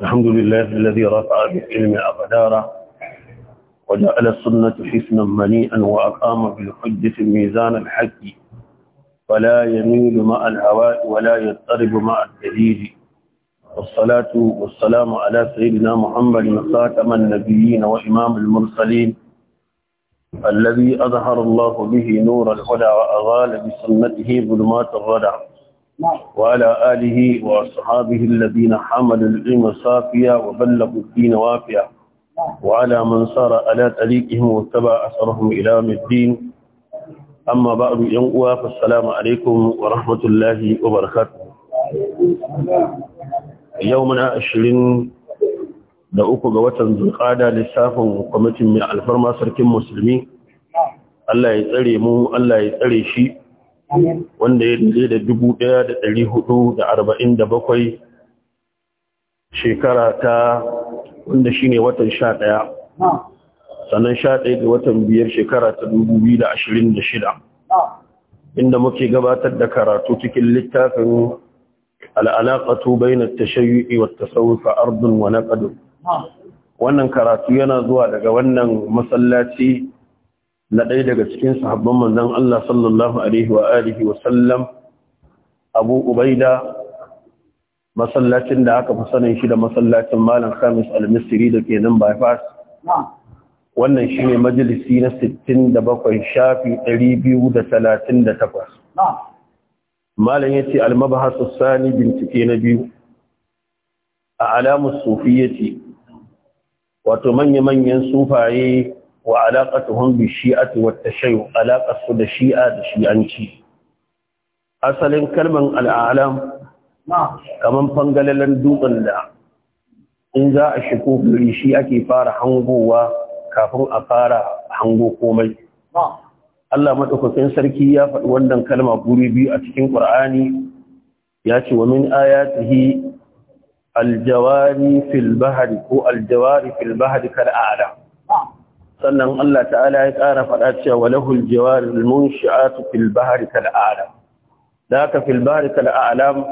الحمد لله الذي رفع بالعلم أقدارا وجعل السنة حسنا منيئا وأقام بالحجة الميزان الحق فلا يميل مع الهواء ولا يضطرب مع الدليل والصلاة والسلام على سيدنا محمد خاتم النبيين وإمام المرسلين الذي أظهر الله به نور الهدى وأغال بسنته ظلمات الردى وعلى آله وأصحابه الذين حملوا العلم صافيا وبلغوا الدين وافيا وعلى من صار على طريقهم واتبع أثرهم إلى الدين أما بعد ينقوى فالسلام عليكم ورحمة الله وبركاته يومنا عشرين da uku ga watan zulƙada lissafin kwamitin mai alfarma sarkin musulmi Allah ya tsare mu Allah ya tsare shi wanda ya dace da dubu ɗaya da ɗari hudu da arba'in da bakwai shekara ta wanda shine watan sha ɗaya sannan sha ɗaya da watan biyar shekara ta dubu biyu da ashirin da shida inda muke gabatar da karatu cikin littafin al'alaƙatu bai na tashayi wa tasawufa ardun wa ƙadu, wannan karatu yana zuwa daga wannan masallaci na ɗaya daga cikin sahabban manzon Allah sallallahu alaihi wa alihi wa sallam Abu Ubaida masallacin da aka fi sanin shi da masallacin Malam Khamis al misiri da ke nan bypass wannan shi shine majalisi na 67 shafi 238 Malam yace al-mabhas sani bincike na biyu a alamus sufiyyaci wato manya-manyan sufaye wa alaƙatuhun bi shi'ati wa tashayu alaƙarsu da shi'a da shi'anci asalin kalman al'alam kamar fangalalen dutsen da in za a shigo gari shi ake fara hangowa kafin a fara hango komai Allah maɗaukakin sarki ya faɗi wannan kalma guri biyu a cikin ƙur'ani ya ce wa min ayatihi aljawari fil ko aljawari fil bahari kal a'lam sannan Allah ta'ala ya ƙara faɗa cewa walahul jawaril munshi'atu fil bahri kal a'lam da fil bahri kal a'lam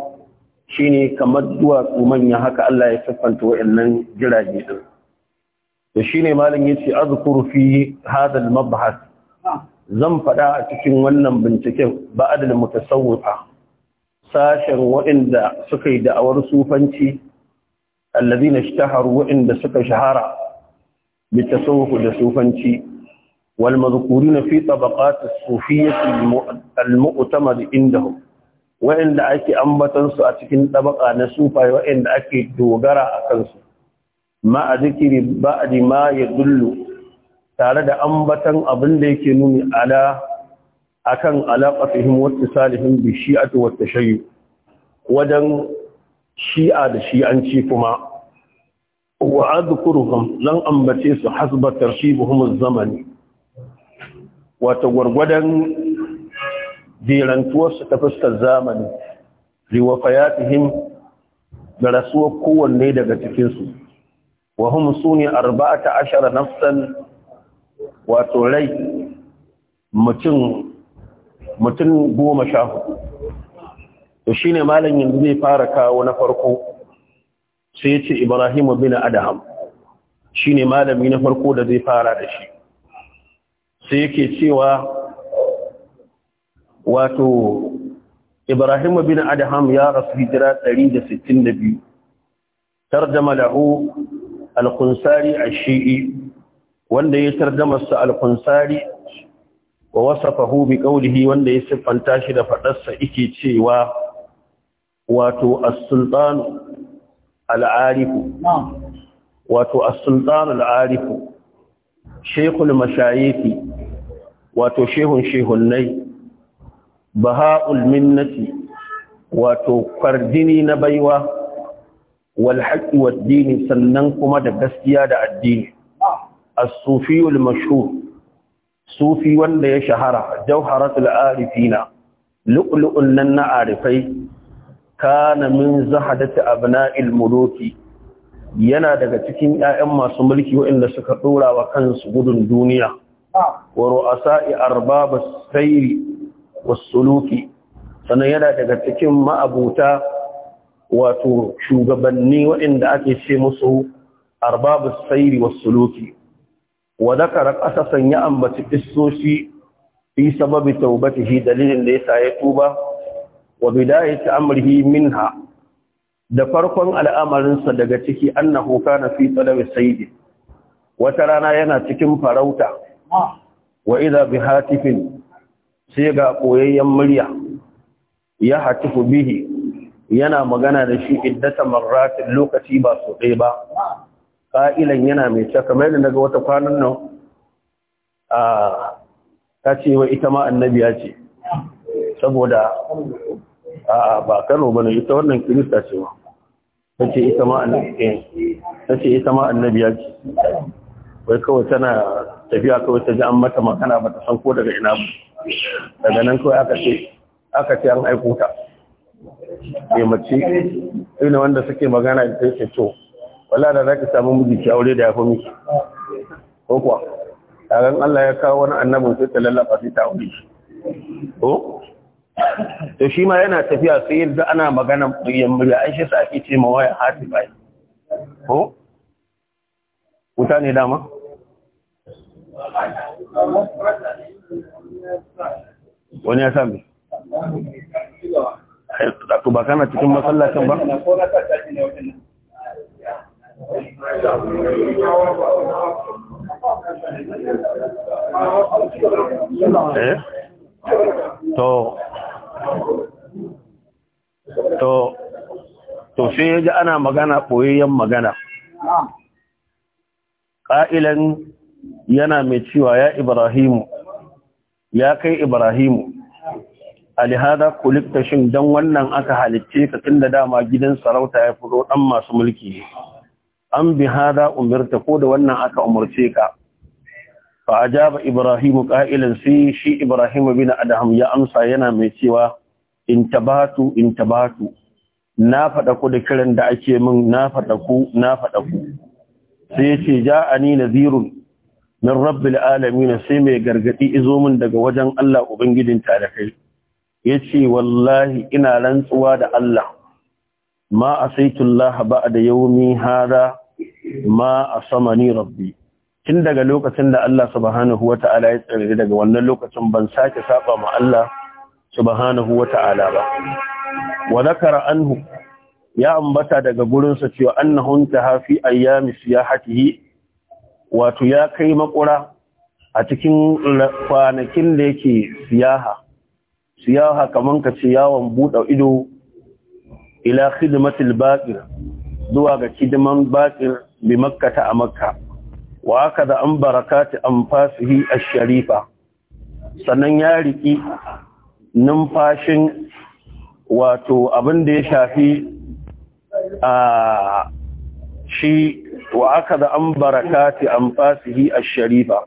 shine kamar duwatsu manya haka Allah ya siffanta wa'annan jirage din to shine malam yace azkuru fi hadha al mabhas zan faɗa a cikin wannan binciken ba'ad al mutasawwifa sashen waɗanda suka yi da'awar sufanci alladhina ishtaharu waɗanda suka shahara بالتصوف والصوفنشي والمذكورين في طبقات الصوفية المؤتمر عندهم وإن دعك أنبتنس أتكن طبقة نسوفة وإن دعك دوغرة أكنس ما أذكر بعد ما يدل تارد أنبتن أبن ليكنون على أكن علاقتهم واتصالهم بالشيعة والتشيع ودن شيعة الشيعة كما wa adkuruhum ambace su hasba tarshibuhum az-zamani Wata gurgurdan dirantuwar su ta fuskar zamani liwafayatihim da rasuwar kowanne daga cikin su wa hum suni 14 nafsan wato rai mutum goma sha hudu to shine malam yanzu zai fara kawo na farko sai ya ce ibrahimu bin adaham shi ne malami na farko da zai fara da shi sai yake cewa wato ibrahimu bin adaham ya rasu hijira 162 tarjama lahu al-qunsari al shii wanda ya tarjama sa al-qunsari wa wasafahu bi qawlihi wanda ya siffanta shi da fadarsa yake cewa wato as-sultanu al'arifu wato as-sultan al'arifu shaykhul mashayifi wato shehun shehunnai baha'ul minnati wato kwardini na baiwa walhaƙi waddini dini sannan kuma da gaskiya da addini as-sufiyul mashhur sufi wanda ya shahara jawharatul arifina lu'lu'un nan na arifai kana min zahadati abna'il muluki yana daga cikin ƴaƴan masu mulki waɗanda suka dora wa kansu gudun duniya ah. wa ru'asa'i arbabas sayri was suluki sannan yana daga cikin ma'abuta wato shugabanni waɗanda ake ce musu arbabus sayri was suluki wa zakara qasasan ya ambaci qissoshi fi sababi taubatihi dalilin da yasa ya tuba wa bidayati amrihi minha da farkon al'amarinsa daga ciki annahu kana fi talabi sayyidi wata rana yana cikin farauta wa idha hatifin, sai ga koyayyen murya ya hatifu bihi yana magana da shi iddata marratin lokaci ba su ɗaya ba ƙa'ilan yana mai ce kamar yadda daga wata kwanan nan a ta ce wa ita ma annabiya ce saboda a'a ba Kano bane ita wannan kirista ce ba. sace ita ma annabi sace eh, ita ma annabi ya ce wai kawai tana tafiya kawai ta ji an mata magana ba ta san ko daga ina ba daga nan kawai aka ce aka ce an aiko ta Eh mace ina wanda suke magana da sai to wala da zaki samu miji ki aure da yafi miki ko kuwa kagan Allah ya kawo wani annabi sai ta lallaba sai ta aure ko to shi ma yana tafiya sai yadda ana magana muryan murya an shi sa ake ce ma waya hati bai ko wuta ne dama wani ya sami to ba kana cikin masallacin ba eh to to to sai ya ji ana magana ɓoyayyen magana ƙa'ilan yana mai cewa ya ibrahimu ya kai ibrahimu alihada kulikta shin don wannan aka halicce ka tun da dama gidan sarauta ya fito ɗan masu mulki an bi hada umarta ko da wannan aka umarce ka fa ajaba ibrahimu kailan sai shi ibrahim bin adham ya amsa yana mai cewa In intabatu intabatu na faɗa ku da kiran da ake min na faɗa ku na faɗa ku sai yace ja'ani nadhirun min rabbil alamin sai mai gargadi izo min daga wajen Allah ubangijin ta da talakai yace wallahi ina rantsuwa da Allah ma a asaitu Allah da yaumi hada ma a sama ni rabbi tun daga lokacin da Allah subhanahu wa ta'ala ya tsare daga wannan lokacin ban sake saba ma Allah subhanahu wa ta'ala ba wa zakara anhu ya ambata daga gurinsa cewa annahun ta hafi ayyami siyahatihi wato ya kai makura a cikin kwanakin da yake siyaha siyaha kamar ka ce yawon buɗe ido ila khidmatil baqir zuwa ga kidiman baqir bi makkata a makka wa aka da an barakati an fasihi a sharifa sannan ya riƙi numfashin wato abin da ya shafi a shi wa aka da an barakati an fasihi a sharifa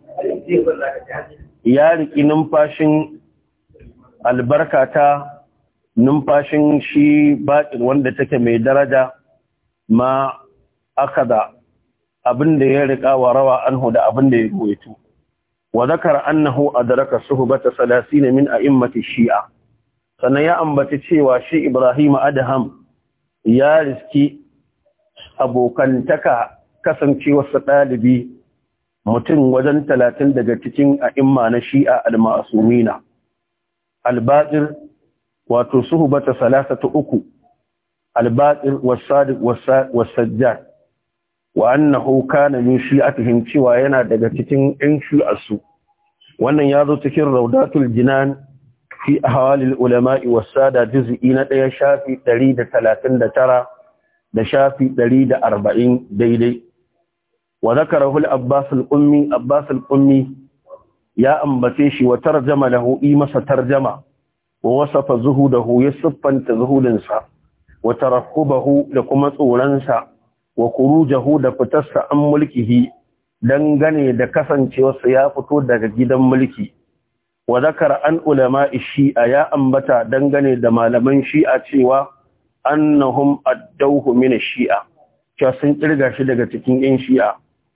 ya riƙi numfashin albarkata numfashin shi baƙin wanda take mai daraja ma aka da abin da ya riƙa wa rawa anhu da abin da ya ruwaito wa zakara annahu adraka suhbata salasin min a'immati shi'a sannan ya ambaci cewa shi Ibrahim Adham ya riski abokantaka kasancewarsa ɗalibi mutum wajen talatin daga cikin a'imma na shi'a al-ma'asumina al-batir wato suhbata salasatu uku al-batir was-sadiq was-sajjad wa kanami kana min shi'atihim cewa yana daga cikin 'yan shi'asu wannan ya zo cikin raudatul jinan fi ahwalil ulama'i was da jizi'i na ɗaya shafi 139 da shafi 140 daidai wa zakarahu al-abbas al-ummi abbas al ummi abbas ya ambace shi wa tarjama da i masa tarjama wa wasafa hu ya siffanta zuhudinsa wa tarakkubahu da kuma tsoronsa. wa kurujahu da fitarsa an mulkihi dangane da kasancewarsa ya fito daga gidan mulki wa zakara an ulama shi'a ya ambata dangane da malaman shi'a cewa annahum addauhu min shi'a cewa sun kirga shi daga cikin yan shi'a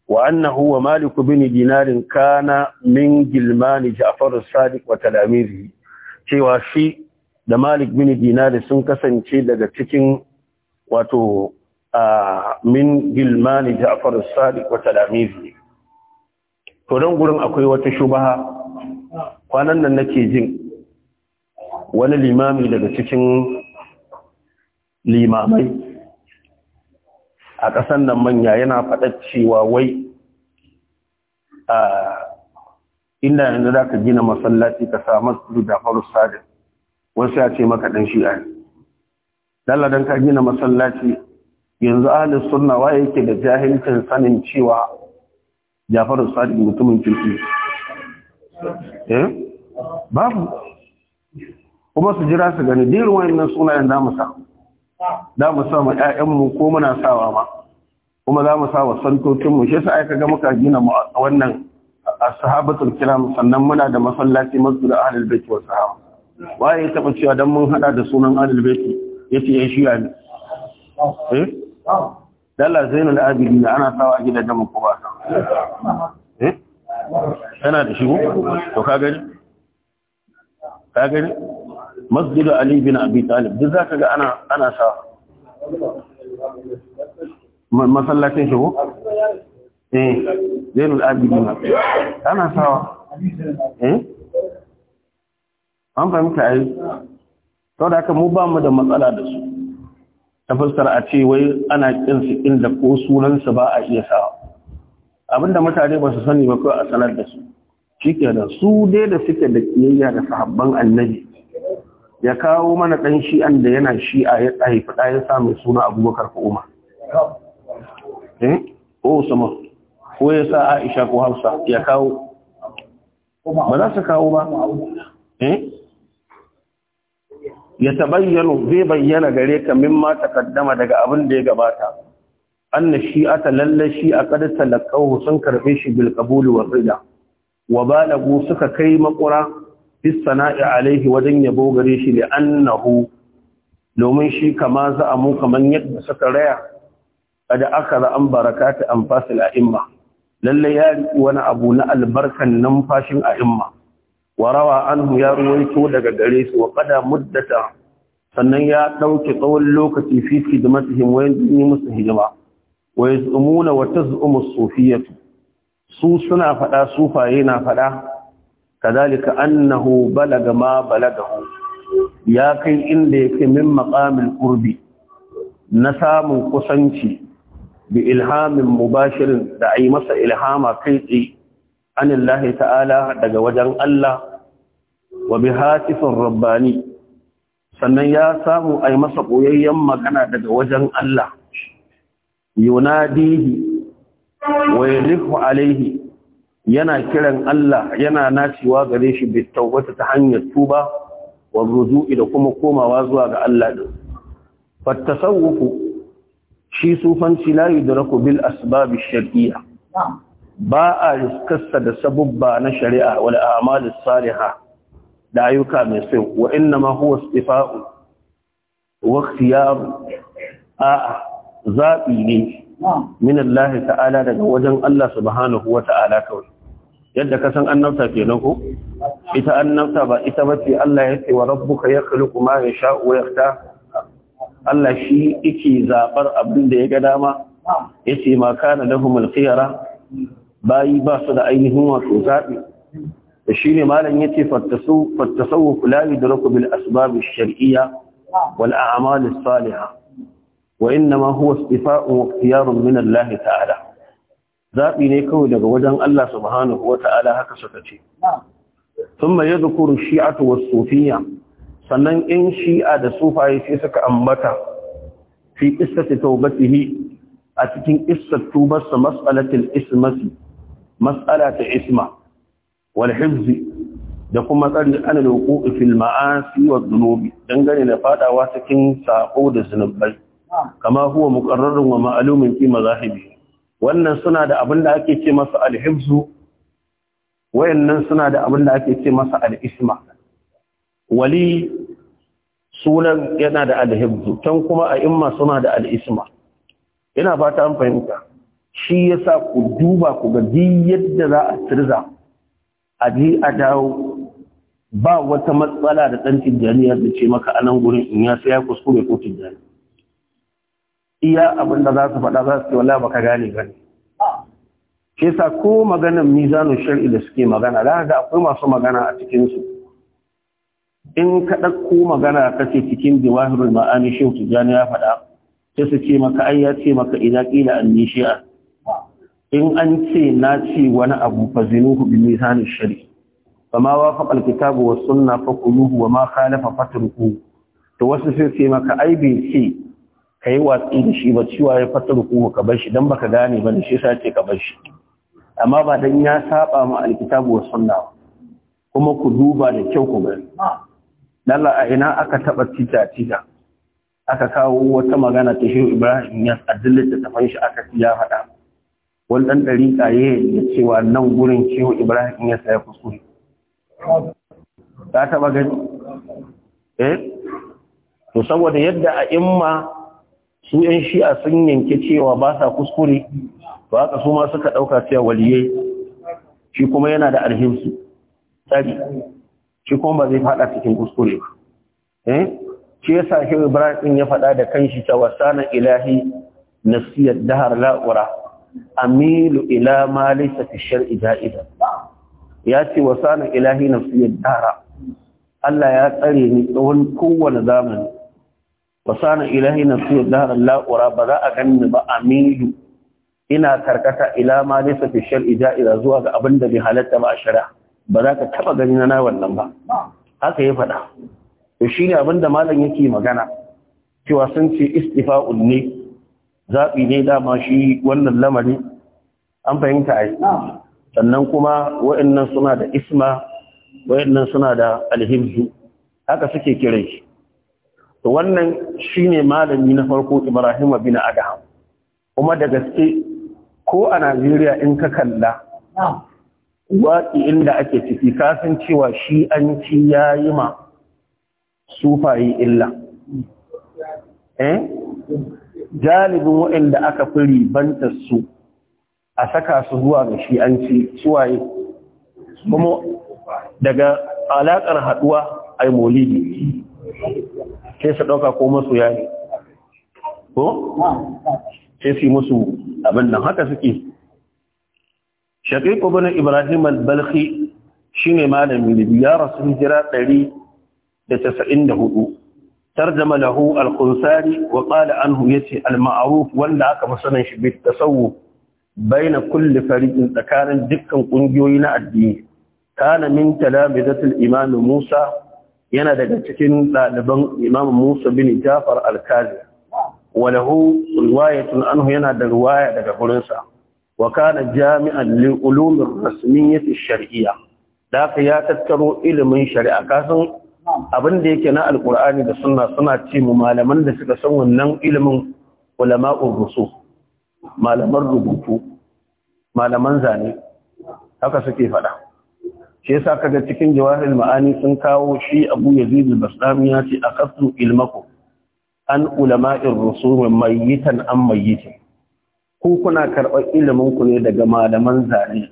wa annahu wa malik bin dinarin kana min gilmani ja'far sadiq wa talamizi cewa shi da malik bin dinari sun kasance daga cikin wato min gilmani ja'far as-sadiq wa talamizi to dan gurin akwai wata shubaha kwanan nan nake jin wani limami daga cikin limamai a ƙasan nan manya yana faɗa cewa wai a inda yanzu za ka gina masallaci ka sa su da faru sadin wasu ya ce maka ɗan shi'a ne dalla don ka gina masallaci yanzu ahalin sunna waye yake da jahilcin sanin cewa jafaru sadiq mutumin kirki eh babu kuma su jira su gani dirin wayannan sunayen da mu sa da mu sa ma 'ya'yanmu ko muna sawa ma kuma za mu sa wa santocinmu shi sa aka ga muka gina wannan ashabatul kiram sannan muna da masallaci masu da ahlul bait wa sahaba waye ya taɓa cewa dan mun hada da sunan ahlul bait yace ya shiya ne eh dala zainul abidin ana sawa a gidajen mu ko ba eh tana da shigo to ka gani ka gani masjidu ali bin abi talib duk zaka ga ana ana sawa masallacin shigo eh zainul abidin ana sawa eh an fahimta ai saboda haka mu ba mu da matsala da su ta fassara a ce wai ana kin su inda ko sunansu ba a iya sawa abinda mutane ba su sani ba ko a sanar da su shikenan su dai da suke da kiyayya da sahabban annabi ya kawo mana dan shi'an da yana shi'a ya haifi da ya sa suna abubakar ko umar eh ko sama ko ya sa aisha ko hafsa ya kawo ba za su kawo ba eh ya tabayyano zai bayyana gare ka mimma takaddama daga abin da ya gabata anna shi'ata lalla shi'a qad talaqahu sun karbe shi bil qabul wa rida wa balagu suka kai makura bis sana'i alaihi wajen yabo gare shi li annahu domin shi kama za mu kaman yadda suka raya kada aka za an barakata an fasil a'imma lalle ya wani abu na albarkan numfashin a'imma warawa anhu ya ruwaito daga gare su wa qada muddata sannan ya dauke tsawon lokaci fi khidmatihim wa yanzu musu hijima wa yazumuna wa tazumu sufiyatu su suna fada sufaye na fada kadalika annahu balaga ma balagahu ya kai inda yake min maqamil qurbi na samun kusanci bi ilhamin mubashirin da ai masa ilhama kai tsaye anillahi ta'ala daga wajen Allah wa bi rabbani sannan ya samu a yi masa ɓoyayyen magana daga wajen Allah yunadihi wa yalifu alaihi yana kiran Allah yana nacewa gare shi bi wata ta hanyar tuba wa ruzu'i da kuma komawa zuwa ga Allah din uku, shi sufanci da yudraku bil asbab shari'a. ba a riskarsa da sabubba na shari'a wal as saliha da ayyuka mai sai wa inna ma huwa istifa'u wa ikhtiyar a zabi ne min Allah ta'ala daga wajen Allah subhanahu wa ta'ala kawai yadda ka san annabta kenan ko ita annabta ba ita bace Allah yake wa rabbuka yakhluqu ma yasha'u wa yakhta Allah shi yake zabar abin da ya ga dama yace ma kana lahumul khiyara bayi ba su da ainihin wato zaɓe. da shi ne malam ya ce fattasawo kulali da raku bil asbabi shari'iyya wal a'amali saliha wa inna ma huwa istifa'un wa min Allah ta'ala zaɓi ne kawai daga wajen Allah subhanahu wa ta'ala haka suka ce ثم يذكر الشيعة والصوفية sannan in shi'a da sufaye sai suka ambata fi ta tawbatihi a cikin qissat tubarsa mas'alatul ismasi mas'ala ta isma wal hifzi da kuma tsari ana da fil ma'asi wa dhunubi dangane da fadawa cikin sako da zunubai kama huwa muqarrarun wa ma'lumin fi mazahibi wannan suna da abin da ake ce masa al hifzu wayannan suna da abin da ake ce masa al isma wali sunan yana da al hifzu tan kuma a imma suna da al isma ina fata an fahimta shi ya sa ku duba ku ga yadda za a turza a ji a dawo ba wata matsala da ɗan tijjani da ce maka a nan gurin in ya sai ya kuskure ko tijjani iya abin da za su faɗa za su ce wala baka gane ba. Ke sa ko maganar mizanu shari'i da suke magana za ga akwai masu magana a cikin su in ka ɗauko magana ka ce cikin jawahirul ma'ani shehu tijjani ya faɗa sai su ce maka ai ya ce maka idan kila an in an ce na ce wani abu fa zinuhu bi mizanin shari fa ma alkitabu was sunna fa quluhu wa ma khalafa fatruhu to wasu sai ce maka ai bi ce kai watsi da shi ba cewa ya fatruhu ka bar shi dan baka gane ba shi sai ce ka bar shi amma ba dan ya saba ma alkitabu was sunna kuma ku duba da kyau ku gani dalla a ina aka taba tita tita aka kawo wata magana ta Shehu Ibrahim ya addalata ta shi aka ya faɗa wani ɗan ɗariƙa ya cewa nan gurin ciwo ibrahim ya saya kuskure ta taɓa gani eh to saboda yadda a imma su ‘yan shi'a sun yanke cewa ba sa kuskure to haka su ma suka ɗauka cewa waliyai shi kuma yana da alhimsu tsari shi kuma ba zai faɗa cikin kuskure eh shi ya sa shi ibrahim ya faɗa da kanshi cewa sana ilahi nasiyar dahar la'ura amilu ila ma laysa fi shar'i da'ida ya ce wa ilahi nafsi dara Allah ya tsare ni tsawon kowane zamani wasana ilahi nafsi dara la ura ba za a ganni ba amilu ina karkata ila ma laysa fi shar'i da'ida zuwa ga abin da bai halatta ba a ba za ka taba gani na wannan ba haka ya faɗa to shine abin malam yake magana cewa sun ce istifa'un ne zaɓi ne dama shi wannan lamari an fahimta a yi sannan kuma wa'annan suna da isma wa'annan suna da alhimzu haka suke kiran shi to wannan ne malami na farko Ibrahim bin Adam kuma da gaske ko a Najeriya in ka kalla waƙi inda ake ciki kasan cewa shi an ci ya yi ma sufaye illa eh? Jalibin waɗanda aka fi ribantar su a saka su zuwa ga shi an ci suwaye kuma daga alaƙar haɗuwa a molidi sai su ɗauka ko masu yayi ko? sai su yi musu abin nan haka suke shaƙiƙo bane ibrahim al-balkhi shi ne malamin libya rasu hijira 194 tarjama lahu al-qunsari wa qala anhu yace al-ma'ruf wanda aka masanan shi bi tasawuf baina kulli fariqin tsakanin dukkan kungiyoyi na addini kana min talamizatul imam Musa yana daga cikin ɗaliban imam Musa bin Jafar al-Kazi wa lahu riwayatun anhu yana da riwaya daga gurinsa wa kana jami'an lil ulum ar-rasmiyyah ash da ya tattaro ilimin shari'a kasan abin da yake na alkur'ani da suna suna ce mu malaman da suka san wannan ilimin ulama'ur rusu malaman rubutu malaman zane haka suke faɗa shi yasa kaga cikin jawahir ma'ani sun kawo shi Abu Yazid al-Bastami ya ce akastu ilmako an ulama'ir rusum mayyitan an mayyitin ku kuna karɓar ilimin ku ne daga malaman zane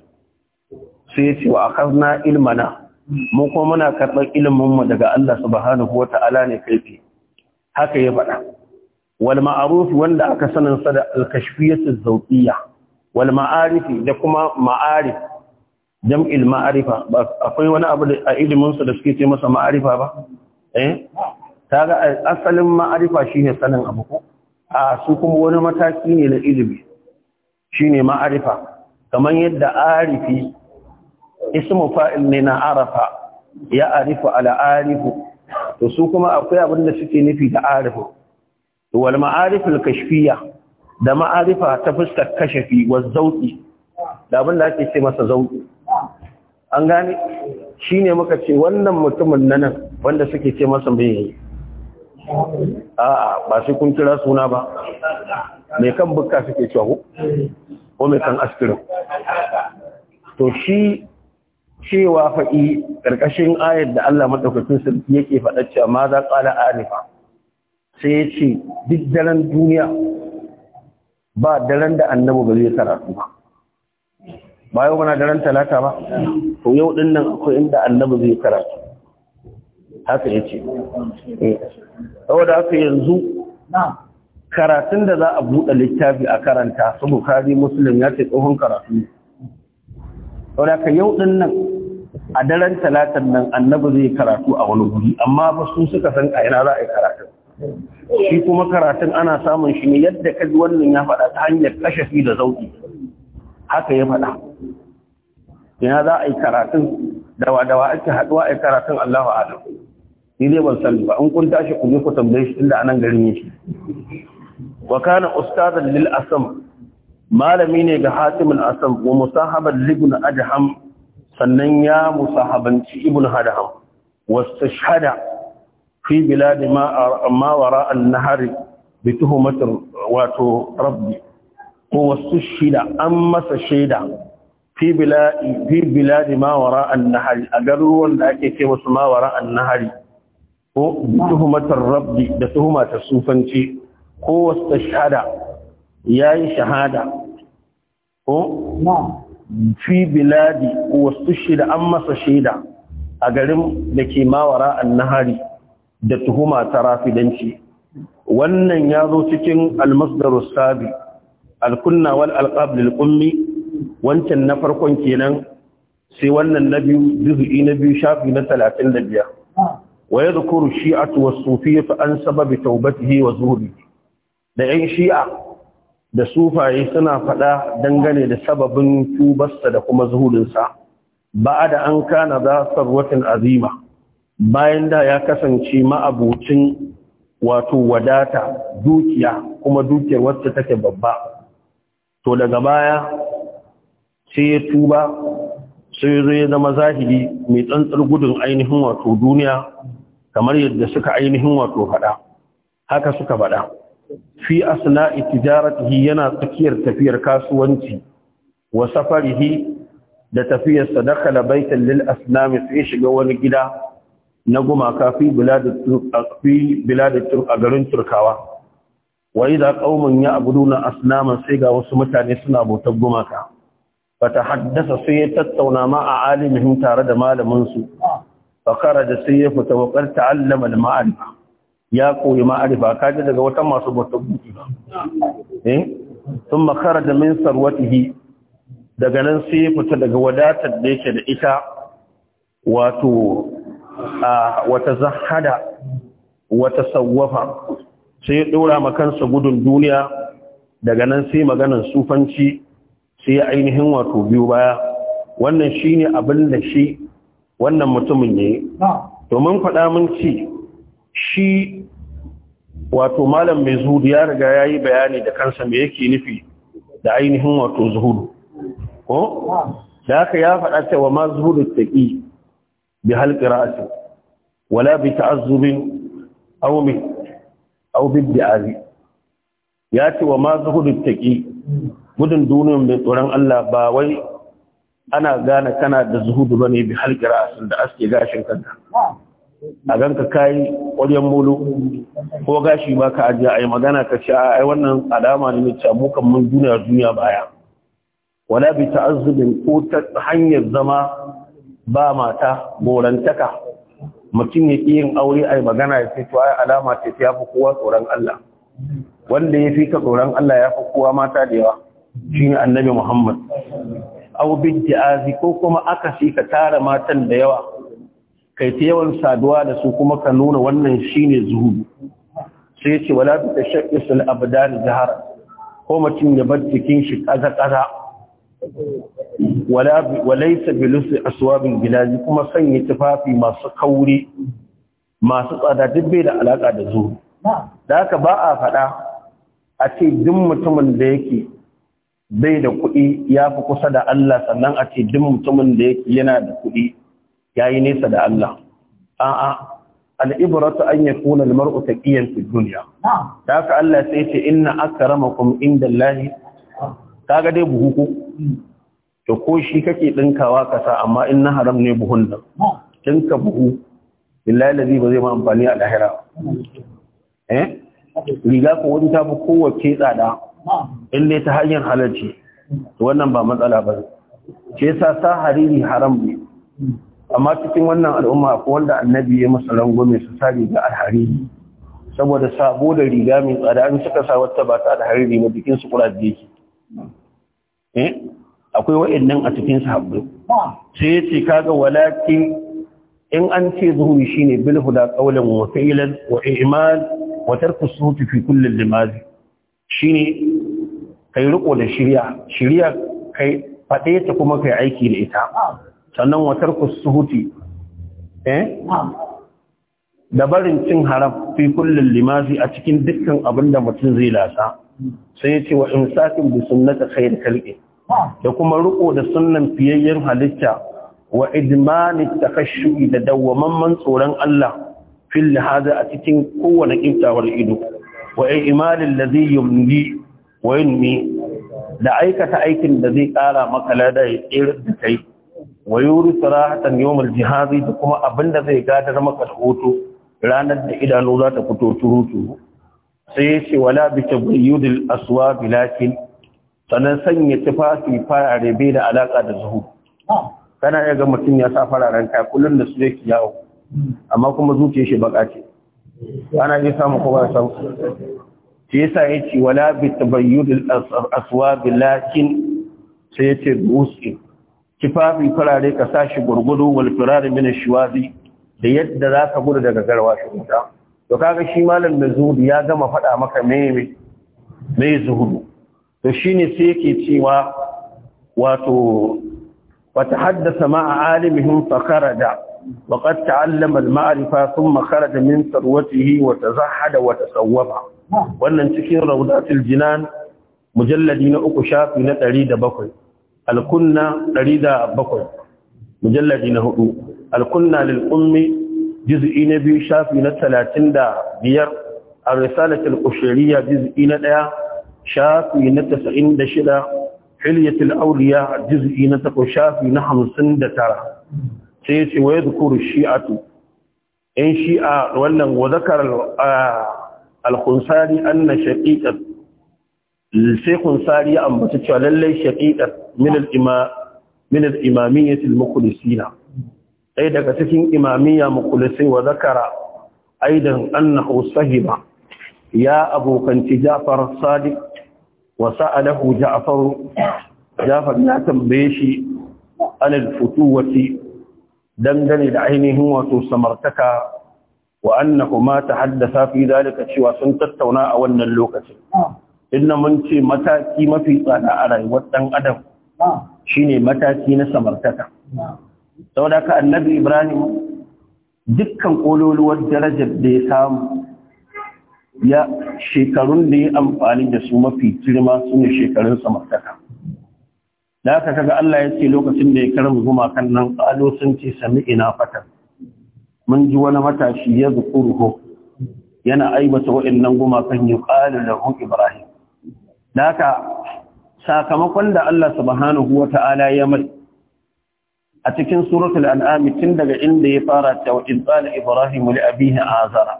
sai ce wa akhadna ilmana mu kuma muna karɓar iliminmu daga Allah subhanahu wa ta'ala ne kaifi haka ya faɗa wal ma'arufi wanda aka sanin sa da al-kashfiyatu zawqiyya wal ma'arif da kuma ma'arif jam'il ma'arifa akwai wani abu a ilimin da suke ce masa ma'arifa ba eh kaga asalin ma'arifa shine sanin abu ko a su kuma wani mataki ne na ilimi shine ma'arifa kamar yadda arifi ismu fa'il ne na arafa ya arifu ala to su kuma akwai abin da suke nufi da arifu wal ma'ariful kashfiya da ma'arifa ta fuskar kashafi wa zauki da abin da ake ce masa zauki an gane shine muka ce wannan mutumin nan wanda suke ce masa mai a'a ba sai kun kira suna ba mai kan bukka suke cewa ko mai kan aspirin to shi cewa fa'i ƙarƙashin ayar da Allah maɗaukacin sarki yake faɗa cewa ma za ƙala arifa sai ya ce duk daren duniya ba daren da annabu ba zai karatu ba ba yau mana daren talata ba to yau ɗin nan akwai inda annabu zai karatu haka ya ce eh, da haka yanzu karatun da za a buɗe littafi a karanta su bukari musulun ya ce tsohon karatu wadaka yau ɗin nan a daren talatan nan annabi zai karatu a wani guri amma ba su suka san a ina za a yi karatun shi kuma karatun ana samun shi ne yadda ka ji wannan ya faɗa ta hanyar kashafi da zauki haka ya faɗa ina za a yi karatun dawa dawa ake haɗuwa a yi karatun Allahu alam ni ne ban san ba in kun tashi ku je ku tambaye shi inda anan garin yake wa kana ustadan lil asam malami ne ga hatimul asam wa musahaban libn adham sannan ya musahabanci ibn Hadam hadaham shada fi bilad ma ma wara an-nahar bi tuhmatin wato rabbi ko shida an masa shaida fi bilad fi ma wara an-nahar a garuruwan da ake ce wasu ma wara an-nahar ko tuhumatar rabbi da tuhuma ta sufanci ko wasta shada ya yi shahada ko fi biladi wasu shida an masa shaida a garin da ke mawara annahari da tuhuma ta rafidanci wannan ya zo cikin almasdarus sabi alkunna wal alqab lil ummi wancan na farkon kenan sai wannan na biyu juz'i na biyu shafi na 35 wa yadhkuru shi'atu was sufiyyatu an sababi tawbatihi wa zuhri da yan shi'a da sufaye suna faɗa dangane da sababin tubarsa da kuma zuhurinsa ba da an kana za sarwatin azima bayan da ya kasance ma'abucin wato wadata dukiya kuma dukiyar wacce take babba to daga baya sai ya tuba sai zai ya zama zahiri mai tsantsar gudun ainihin wato duniya kamar yadda suka ainihin wato faɗa haka suka faɗa fi asna'i tijaratihi yana tsakiyar tafiyar kasuwanci wa safarihi da tafiyar sadakala baitan lil asnami sai shiga wani gida na gumaka fi biladin turk a garin turkawa wa idza a ya'buduna asnama sai ga wasu mutane suna bautar gumaka fata haddasa sai ya tattauna ma a alimihim tare da malamin su fa kharaja sai ya fita wa qad ta'allama al-ma'arifa ya koyi ma'arifa kaji daga wata masu bautar buki eh sun makara da min sarwatihi daga nan sai ya fita daga wadatar da yake da ita wato a wata zahada wata sawwafa sai ya dora kansa gudun duniya daga nan sai maganar sufanci sai ainihin wato biyu baya wannan shine abin da shi wannan mutumin ne domin faɗa mun ci shi wato malam mai zuhudu ya riga ya yi bayani da kansa mai yake nufi da ainihin wato zuhudu ko da haka ya faɗa cewa ma zuhudu ƙi bi halƙi ra'asi wala bi ta'azzumin aw bi ya ce wa ma zuhudu ƙi gudun duniyar mai tsoron Allah ba wai ana gane kana da zuhudu ne bi halƙi ra'asin da aske gashin kanta. a ganka kayi ƙwaryen molo ko gashi ma ka ajiya a yi magana ka ce a ai wannan alama ne mai mu mun duniya duniya baya wala bi ta'azzubin ko ta hanyar zama ba mata gorantaka mutum ya yin aure a yi magana ya to ai alama ce ta yafi kowa tsoron Allah wanda ya fi ka tsoron Allah ya fi kowa mata da yawa Shi ne annabi Muhammad aw bi ko kuma aka shi ka tara matan da yawa kai ta yawan saduwa da su kuma ka nuna wannan shine zuhudu sai ce wala bi tashabbusul abdan jahar ko mutum ya bar cikin shi kaza kaza wala walaysa bi lus aswabin gilazi kuma sanya tufafi masu kauri masu tsada duk bai da alaka da zuhudu da haka ba a faɗa a ce duk mutumin da yake bai da kuɗi ya fi kusa da Allah sannan a ce duk mutumin da yake yana da kuɗi Ya yi nesa da Allah a'a al'ibratu an yakuna al-mar'u taqiyan fi duniya. da haka Allah sai ce rama inna akramakum indallahi ga dai buhu ko mm. to ko shi kake tsinkawa kasa amma in na haram ne buhun nan Ɗinka buhu billahi ba zai ma amfani a lahira mm. eh riga ko wani ta fi kowace tsada in dai ta hanyar halarci wannan ba matsala ba ce sa sa hariri haram ne mm. amma cikin wannan al'umma ko wanda annabi ya masa rangwame su sa riga alhariri saboda sabo da riga mai tsada an suka sa wata ba ta alhariri ba jikin su kura eh akwai wa'annan a cikin sahabbai sai ya ce kaga walakin in an ce zuhuri shine bil huda qawlan wa fi'lan wa i'mal wa tarku suhuti fi kulli limazi shine kai riko da shiriya shirya kai fade ta kuma kai aiki da ita sannan watar kusuhuti eh da barin cin haram fi kullun limazi a cikin dukkan abinda da mutum zai lasa sai ya ce wa imsakin bi sunnati khair khalqi da kuma ruko da sunnan fiyayyen halitta wa idmani takashshu'i da dawwamamman tsoron Allah fil hada a cikin kowane kiftawar ido wa imalin ladhi yumli wa yunmi da aikata aikin da zai kara maka lada ya da kai wa sarahatan yawmal jihadi da kuma abinda zai gadar maka hoto ranar da idanu za ta fito turutu sai ya ce wala bi tabayyudil aswab lakin sanan sanya tufafi farare bai da alaka da zuhu kana ya ga mutum ya sa fararen kai kullun da su yake yawo amma kuma zuciyar shi baka ce ana iya samu ko ba samu shi yasa yace wala bi tabayyudil aswab lakin sai yace rusi tufafi farare ka sa shi gurgudu wal firari min shiwazi da yadda za ka gudu daga garwa shi wuta to kaga shi malam da ya gama faɗa maka me me zuhudu to shine sai yake cewa wato wa haddasa ma'a alimihim fa kharaja wa qad ta'allama al-ma'rifa thumma kharaja min sarwatihi wa tazahhada wa tasawwaba wannan cikin rawdatul jinan mujalladi na uku shafi na 107 alkunna 107 mujalladi na hudu alkunna lil ummi juz'i na biyu shafi na 35 ar-risalat al-qushayriya juz'i na 1 shafi na 96 hilyat al-awliya juz'i na 8 shafi na 59 sai yace wa yadhkuru shi'atu in shi'a wannan wa zakara ah, al-khunsari anna shaqiqat sai kun sari ya ambata cewa lallai shaqiqat min al-ima min al-imamiyyah al ai daga cikin imamiyya mukhlisai wa zakara aidan annahu sahiba ya abokan Ja'far Sadiq wa sa'alahu Ja'far Ja'far ya tambaye shi alal futuwati dangane da ainihin wato samartaka wa annahu ma tahaddatha fi dalika cewa sun tattauna a wannan lokacin Inna mun ce mataki mafi tsada a rayuwar ɗan adam shine mataki na samartaka saboda ka annabi ibrahim dukkan kololuwar darajar da ya samu ya shekarun da ya amfani da su mafi girma su ne shekarun samartaka da aka kaga Allah ya ce lokacin da ya karin gumakan nan ƙalo sun ce sami ina fatan mun ji wani matashi ya zukuruhu yana aibata waɗannan gumakan guma kan da hu ibrahim Daka, sakamakon da Allah subhanahu wa ta'ala ya mai a cikin suratul al'ami tun daga inda ya fara ta wa qala ibrahim li abihi azara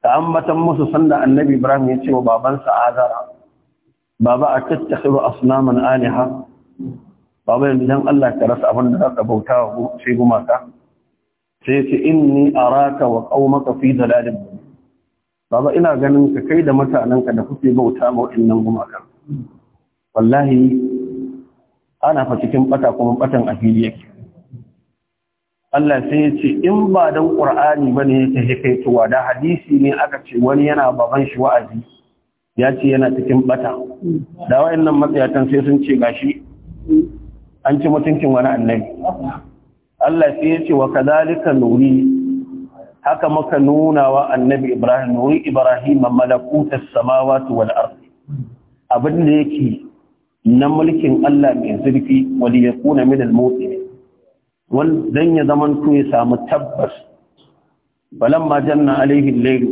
ta ammatan musu sanda annabi ibrahim ya ce wa babansa azara baba atattakhiru asnaman alaha baba yanzu don Allah ka rasa abin da zaka bauta wa sai gumaka sai ce inni araka wa qaumaka fi dalalin baba ina ganin ka kai da ka da kuke bauta ma waɗannan gumakan wallahi ana fa cikin bata kuma batan a fili yake Allah sai ya ce in ba dan Qur'ani bane kai tuwa. da hadisi ne aka ce wani yana baban shi wa'azi ya ce yana cikin bata da wayannan matsayatan sai sun ce gashi an ci mutuncin wani annabi Allah sai ya ce wa kadhalika nuri haka maka nuna wa annabi ibrahim wuri ibrahim malakutar samawati wal ardi abin da yake na mulkin Allah mai zurfi wali ya kuna min al wal dan ya zaman to ya samu tabbas ma janna alaihi al-layl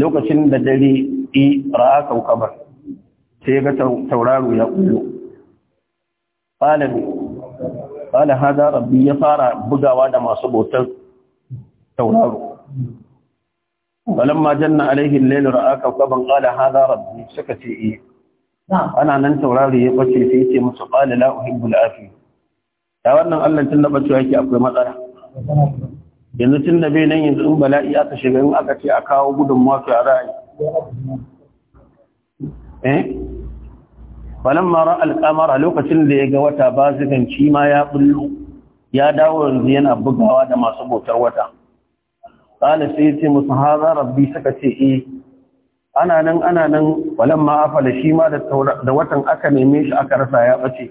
lokacin da dare i ra'a kawkabar sai ga tauraro ya kullu qala qala hada rabbi ya fara bugawa da masu bautar tauraro balamma janna alaihi lailu ra'a kawkaban qala hadha rabbi suka ce eh ana nan taurari ya bace sai yace musu qala la uhibbu al da wannan Allah tun da bacewa yake akwai matsala yanzu tun da bai nan yanzu in bala'i aka shiga in aka ce a kawo gudun mafi a ra'ayi eh falamma ra'a al-qamara lokacin da ya ga wata bazikan shi ma ya bullo ya dawo yanzu yana bugawa da masu bautar wata ƙala sai ya ce musu haza rabbi suka ce eh ana nan ana nan walan ma afala shi ma da watan aka neme shi aka rasa ya bace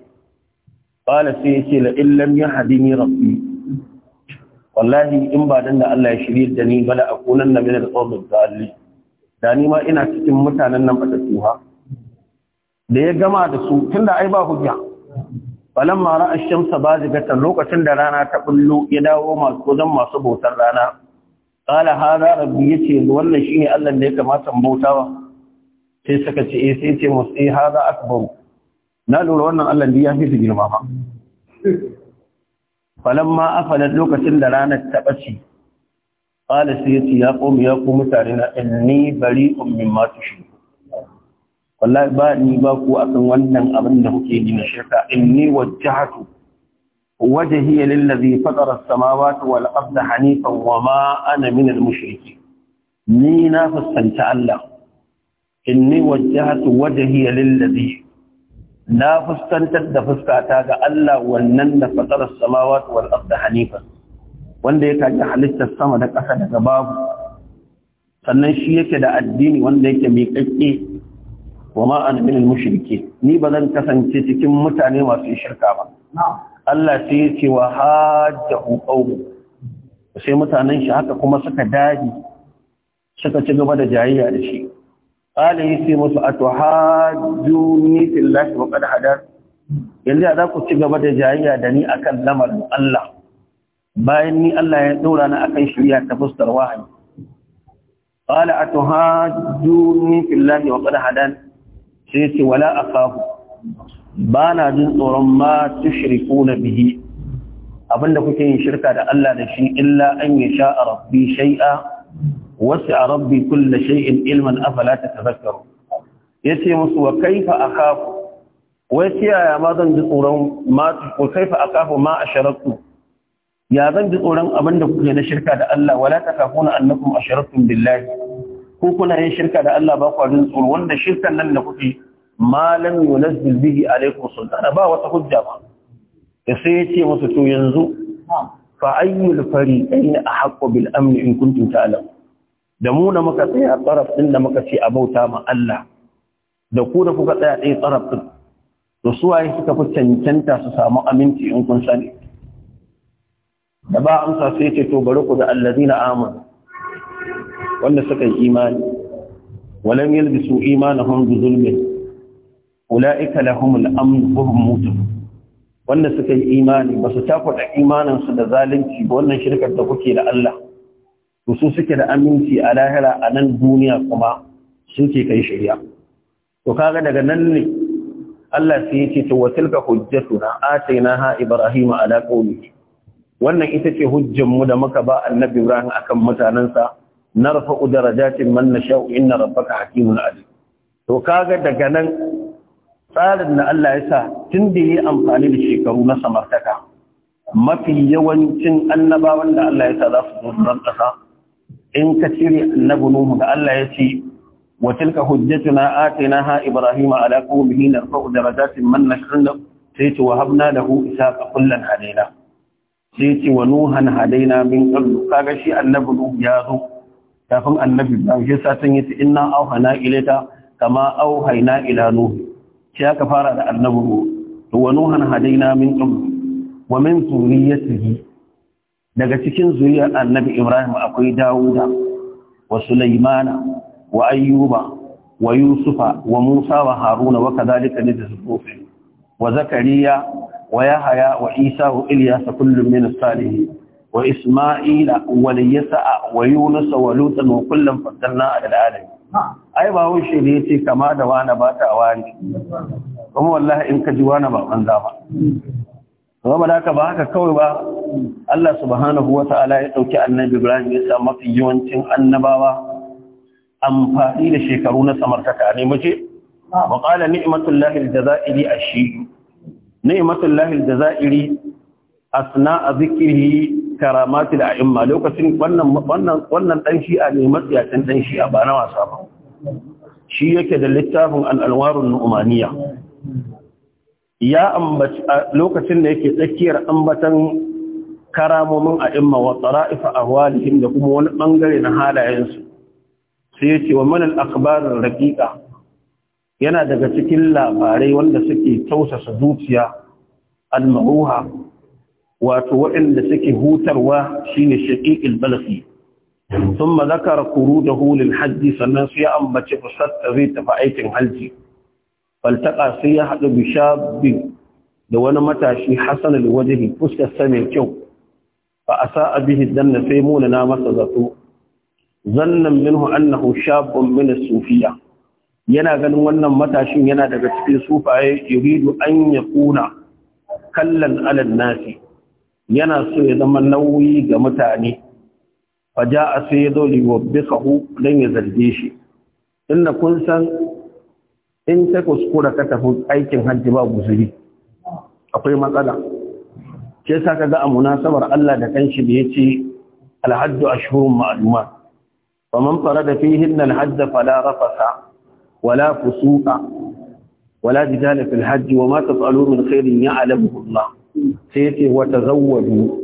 ƙala sai ya ce la illam hadini rabbi wallahi in ba dan da Allah ya shirye da ni bala akunan na min al-qawmi dhalli da ni ma ina cikin mutanen nan fatattu ha da ya gama da su tunda ai ba hujja ma ra'a ash-shamsa bazigatan lokacin da rana ta bullo ya dawo masu wajen masu bautar rana qala hada rabbi yace wannan shine Allah da ya kamata bauta bautawa sai suka ce eh sai ce musu eh hada akbar na lura wannan Allah da ya fi su girma ba falamma afalat lokacin da ranar ta bace qala sai yace ya qum ya qum mutane na inni bari mimma tushriku wallahi ba ni ba ku akan wannan abin da kuke yi na shirka inni wajjahatu وجهي للذي فطر السماوات والأرض حنيفا na أنا من المشركين نينا فاستنتع الله إني وجهت وجهي للذي لا فاستنتد فاستعتاق الله ونن فطر السماوات والأرض Hanifa. wanda ya kaji halittar sama da ƙasa daga babu sannan shi yake da addini wanda yake mai kakke wa ana min al-mushriki ni bazan kasance cikin mutane masu shirka ba Allah sai ya ce wa hajjahu qawmu sai mutanen shi haka kuma suka dadi suka ci gaba da jayayya da shi qala yasi musu atuhajjuni fillahi wa qad hadat yanzu za ku ci gaba da jayayya da ni akan lamarin Allah bayan ni Allah ya dora ni akan shari'a ta fuskar wahayi qala atuhajjuni fillahi wa qad hadan sai ce wala akhafu ba na jin tsoron ma tushriku na bihi abinda kuke yin shirka da Allah da shi illa an ya sha a rabbi shai'a wasu a rabbi kulla shai'in ilman afala ta tazakkaru ya ce musu wa kaifa a kafu wai kiyaya ma zan ji tsoron ma ko kaifa a kafu ma a sharattu ya zan ji tsoron abinda kuke na shirka da Allah wala ta kafuna annakum sharattun billahi ko kuna yin shirka da Allah ba ku jin tsoro wanda shirkan nan da kuke Malam lam yunzil bihi alaikum sultana ba wata hujja ba sai ya ce musu to yanzu fa ayyul fariqain ahqqu bil amn in kuntum ta'lamun da mu na muka tsaya tsaraf ɗin da muka ce a bauta ma Allah da ku da kuka tsaya ɗaya tsaraf ɗin to waye suka fi cancanta su samu aminci in kun sani da ba amsa sai ce to bari ku da allazina amanu wanda suka yi imani walam yalbisu imanahum bi zulmin ula'ika lahumul amn wa hum muhtadun wanda suka yi imani ba su takwada imanin su da zalunci ba wannan shirkar da kuke da Allah to su suke da aminci a lahira a nan duniya kuma suke kai shari'a to kaga daga nan ne Allah sai yace to wa tilka hujjatuna atainaha ibrahima ala qaumihi wannan ita ce hujjar mu da muka ba annabi ibrahim akan mutanansa narfa'u darajatin man nasha'u inna rabbaka hakimun alim to kaga daga nan tsarin da Allah ya sa tun da ya amfani da shekaru na samartaka mafi yawancin annabawan da Allah ya sa za su zo ran ƙasa in ka cire annabi Nuhu da Allah ya ce wa tilka hujjatuna ha ibrahima ala qaumihi narfa'u darajatin man nasha'u sai ce wa habna lahu isaqa kullan hadaina sai ce wa nuhan hadaina min qablu kaga shi annabi Nuhu ya zo kafin annabi Ibrahim sai sa tun yace inna auhana ilaita kama auhayna ila nuhu shi aka fara da annabi to wa nuhan hadaina min qabl wa min zuriyatihi daga cikin zuriyar annabi ibrahim akwai dawuda wa sulaimana wa ayyuba wa yusufa wa musa wa haruna wa kadhalika nidzufi wa zakariya wa yahya wa isa wa ilyas kullum min salihin wa isma'ila wa yasa wa yunus wa lutan wa kullum faddalna ala al-alamin ai ba wushe ne yace kama da wani ba ta wani kuma wallahi in ka ji wani ba banza ba kuma da ka ba haka kawai ba Allah subhanahu Ta'ala ya dauki annabi Ibrahim ya sa mafi yawancin annabawa amfani da shekaru na samartaka ne muje wa qala ni'matullahi aljazairi ashi ni'matullahi aljazairi asna zikrihi da a'imma lokacin wannan wannan shi'a ne matsiyacin ɗan shi'a ba na wasa ba shi yake da littafin al nu'umaniya. nu'maniya ya ambaci lokacin da yake tsakiyar ambatan karamomin a'imma wa tsara'ifa ahwalihim da kuma wani bangare na halayensu sai yace wa man al-akhbar yana daga cikin labarai wanda suke tausasa zuciya al-ma'uha wato waɗanda suke hutarwa shine shaqiqil balasi kuru da hulin hajji sannan su ya ambace fusatta zai tafi aikin hajji faltaƙa sai ya haɗu bishabin da wani matashi hasan alwajihi fuskar sa mai kyau sa a bihi na sai muna na masa zato zannan minhu annahu shabun min sufiya yana ganin wannan matashin yana daga cikin sufaye yuridu an yakuna kallan alal nasi yana so ya zama nauyi ga mutane Fa a sai ya zo liwabbikahu don ya zalbe shi inda kun san in ta kuskura ka tafi aikin hajji ba guzuri akwai matsala Ke sa ka ga a munasabar Allah da kanshi da ya ce alhaddu ashhurun ma'luma faman farada fihinna alhajj fala rafasa wala fusuqa wala jidala fil hajj wa ma tasalu min khairin ya'lamuhu Allah sai ya ce wata zawwadu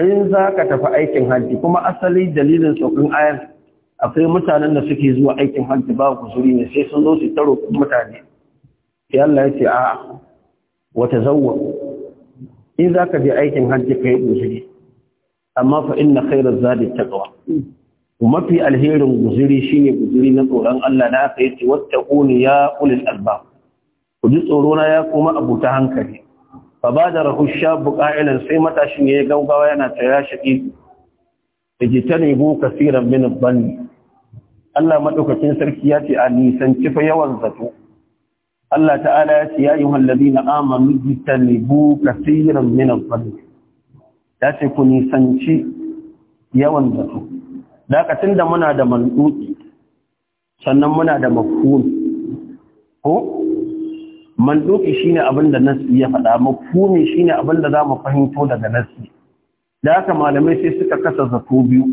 in za ka tafi aikin hajji kuma asali dalilin tsokin ayar akwai mutanen da suke zuwa aikin hajji ba zuri ne sai sun zo su taro mutane sai Allah ya ce a wata zawwadu in za ka je aikin hajji ka yi guzuri amma fa inna khairar zadi taqwa mafi alherin guzuri shine guzuri na tsoron Allah da aka yace kuni ya ulil albab ku ji tsoro na ya kuma abuta hankali fa ba da rahu shabu sai matashin ya yi gaugawa yana ta ya shaƙi ijitani bu kasiran min banni Allah madaukakin sarki ya ce a nisanci fa yawan zato Allah ta'ala ya ce ya yi wallabi na amanu ijitani bu kasiran min banni ya ce ku nisanci yawan zato dakatun da muna da manduki sannan muna da mafhum ko shi shine abin da nasi ya faɗa shi shine abin da za mu fahimto daga nasi da haka malamai sai suka kasa zato biyu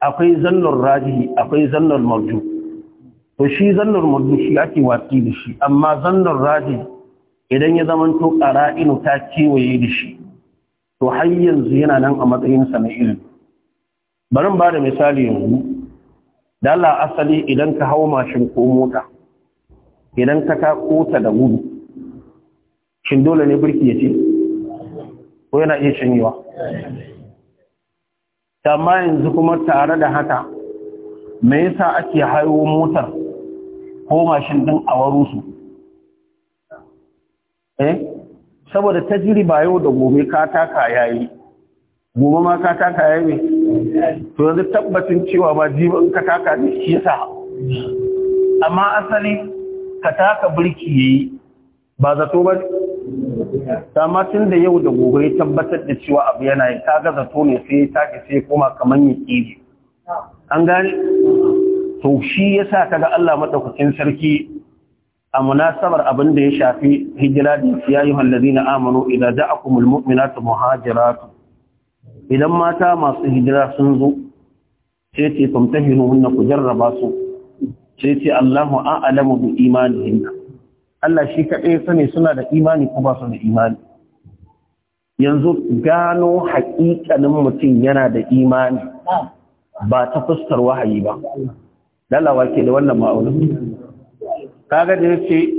akwai zannar rajihi akwai zannar marju to shi zannar marju shi ake watsi da shi amma zannar rajihi idan ya zamanto qara'inu ta kewaye da shi to har yanzu yana nan a matsayin sa na ilimi bari ba da misali yanzu dala asali idan ka hau mashin ko mota idan ka ta kota da gudu shin dole ne birki ya ce ko yana iya shanyewa amma yanzu kuma tare da haka me yasa ake hayo motar ko mashin din a waru su. eh saboda ta jiri ba yau da gobe ka taka yayi gobe ma ka taka yayi ne to yanzu tabbacin cewa ba jiba in ka taka ne shi yasa amma asali ka taka birki yayi ba zato ba dama tun da yau da gobe ya tabbatar da cewa abu yana ta kaga zato ne sai ya take sai koma kamar ya kiri an gane to shi yasa ga Allah madaukakin sarki a munasabar abin da ya shafi hijira da ya yi na amanu idan ta mu'minatu muhajiratu idan mata masu hijira sun zo sai ce famtahinu hunna ku jarraba su sai ce Allahu a'lamu bi imani hinka. Allah shi kaɗai sani suna da imani ko ba su da imani yanzu gano haƙiƙanin mutum yana da imani ba ta fuskar wahayi ba lalawa ke da wannan ma'aunin kaga da yace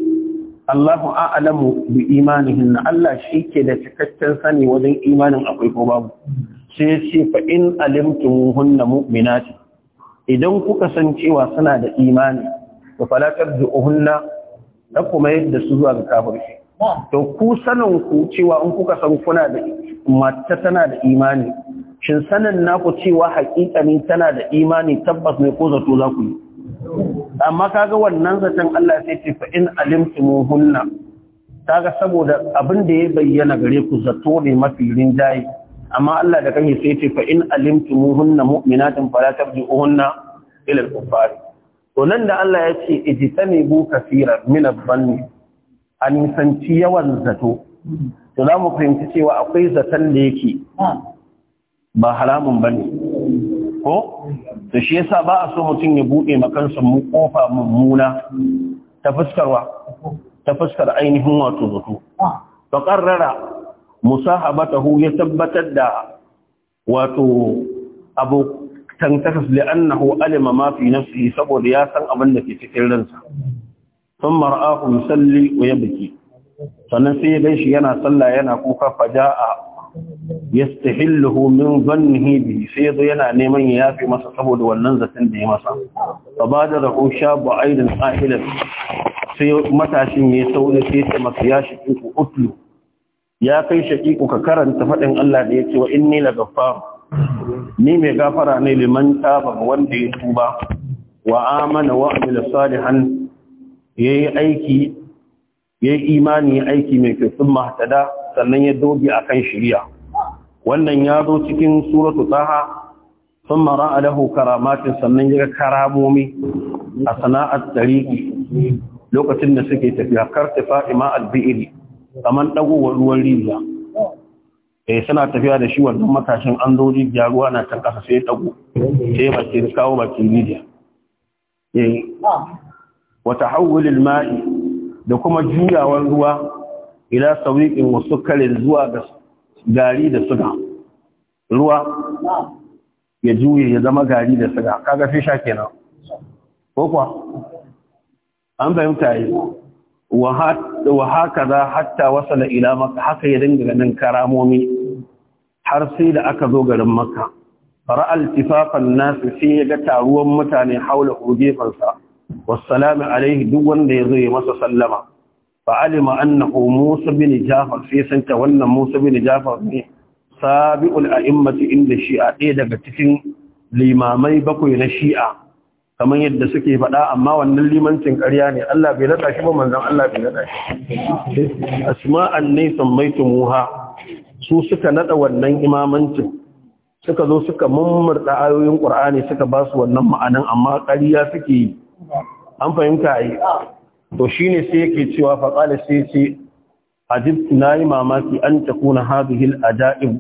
Allahu a'lamu bi imani hinna. Allah shi ke da cikakken sani wajen imanin akwai ko babu sai ce fa in hunna mu'minati idan kuka san cewa suna da imani to falakar da kuma yadda su zuwa ga kafirci to ku sanin ku cewa in kuka san kuna da mata tana da imani shin sanin naku cewa haƙiƙanin tana da imani tabbas ne ko zato za ku yi amma kaga wannan zaton Allah sai ce fa in alimtumuhunna kaga saboda abin da ya bayyana gare ku zato ne mafi rinjaye amma Allah da kan sai ce fa in alimtumuhunna mu'minatin fala tarji'uhunna ila al-kuffar to nan da Allah ya ce bu kaseeran min ad ne, an nisanci yawan zato to za mu fahimci cewa akwai zaton da yake ba haramun bane ko to shi yasa ba a so mutum ya bude makansa mu kofa mummuna ta fuskarwa ta fuskar ainihin wato zato ah. to qarrara musahabatahu ya tabbatar da wato abu tantakas li'annahu alima ma fi nafsihi saboda ya san abin da ke cikin ransa sun mar'ahu musalli wa yabki sannan sai ya ganshi yana sallah yana kuka faja'a yastahilluhu min zannihi bi sai yazo yana neman ya yafe masa saboda wannan zatin da ya masa fabadara hu shabu aidan ahilan sai matashin ya sauri sai ya masa ya shi ku utlu ya kai shaƙiƙu ka karanta faɗin Allah da ya ce wa inni la gaffar ni mai gafara ne liman taba wanda ya tuba wa amana wa amila salihan yayi aiki yayi imani aiki mai kyau sun mahtada sannan ya doge akan shari'a wannan ya zo cikin suratu taha ثم راى له كرامات sannan yaga karamomi a sana'ar tariki lokacin da suke tafiya kartifa ima al-bi'ri kamar ɗagowar ruwan rijiya eh suna tafiya da shi wannan matashin an zo rijiya ruwa na can ƙasa, sai ɗago sai ba ke kawo ba ke rijiya eh wa tahawul al-ma'i da kuma juyawar ruwa ila sawiqin wa sukkarin zuwa ga gari da suga ruwa ya juye ya zama gari da suga kaga fisha kenan ko kuwa an fahimta yi wa haka za hatta wasala ila maka haka ya dinga ganin karamomi har sai da aka zo garin maka fara'al tifafan nasu sai ya ga taruwan mutane haula hujefarsa wassalamu alaihi duk wanda ya zo ya masa sallama fa'alima annahu musa bin jafar sai san ta wannan musa bin jafar ne sabi'ul a'immati inda shi'a ɗaya daga cikin limamai bakwai na shi'a kamar yadda suke faɗa amma wannan limancin ƙarya ne Allah bai naɗa shi ba manzon Allah bai naɗa shi asma'an ne muha su suka naɗa wannan imamancin suka zo suka mummurta ayoyin ƙur'ani suka ba su wannan ma'anan amma ƙariya suke yi an fahimta a yi to shi sai yake cewa faƙalar sai ce ajib na yi mamaki an ta kuna hadihil ada'ib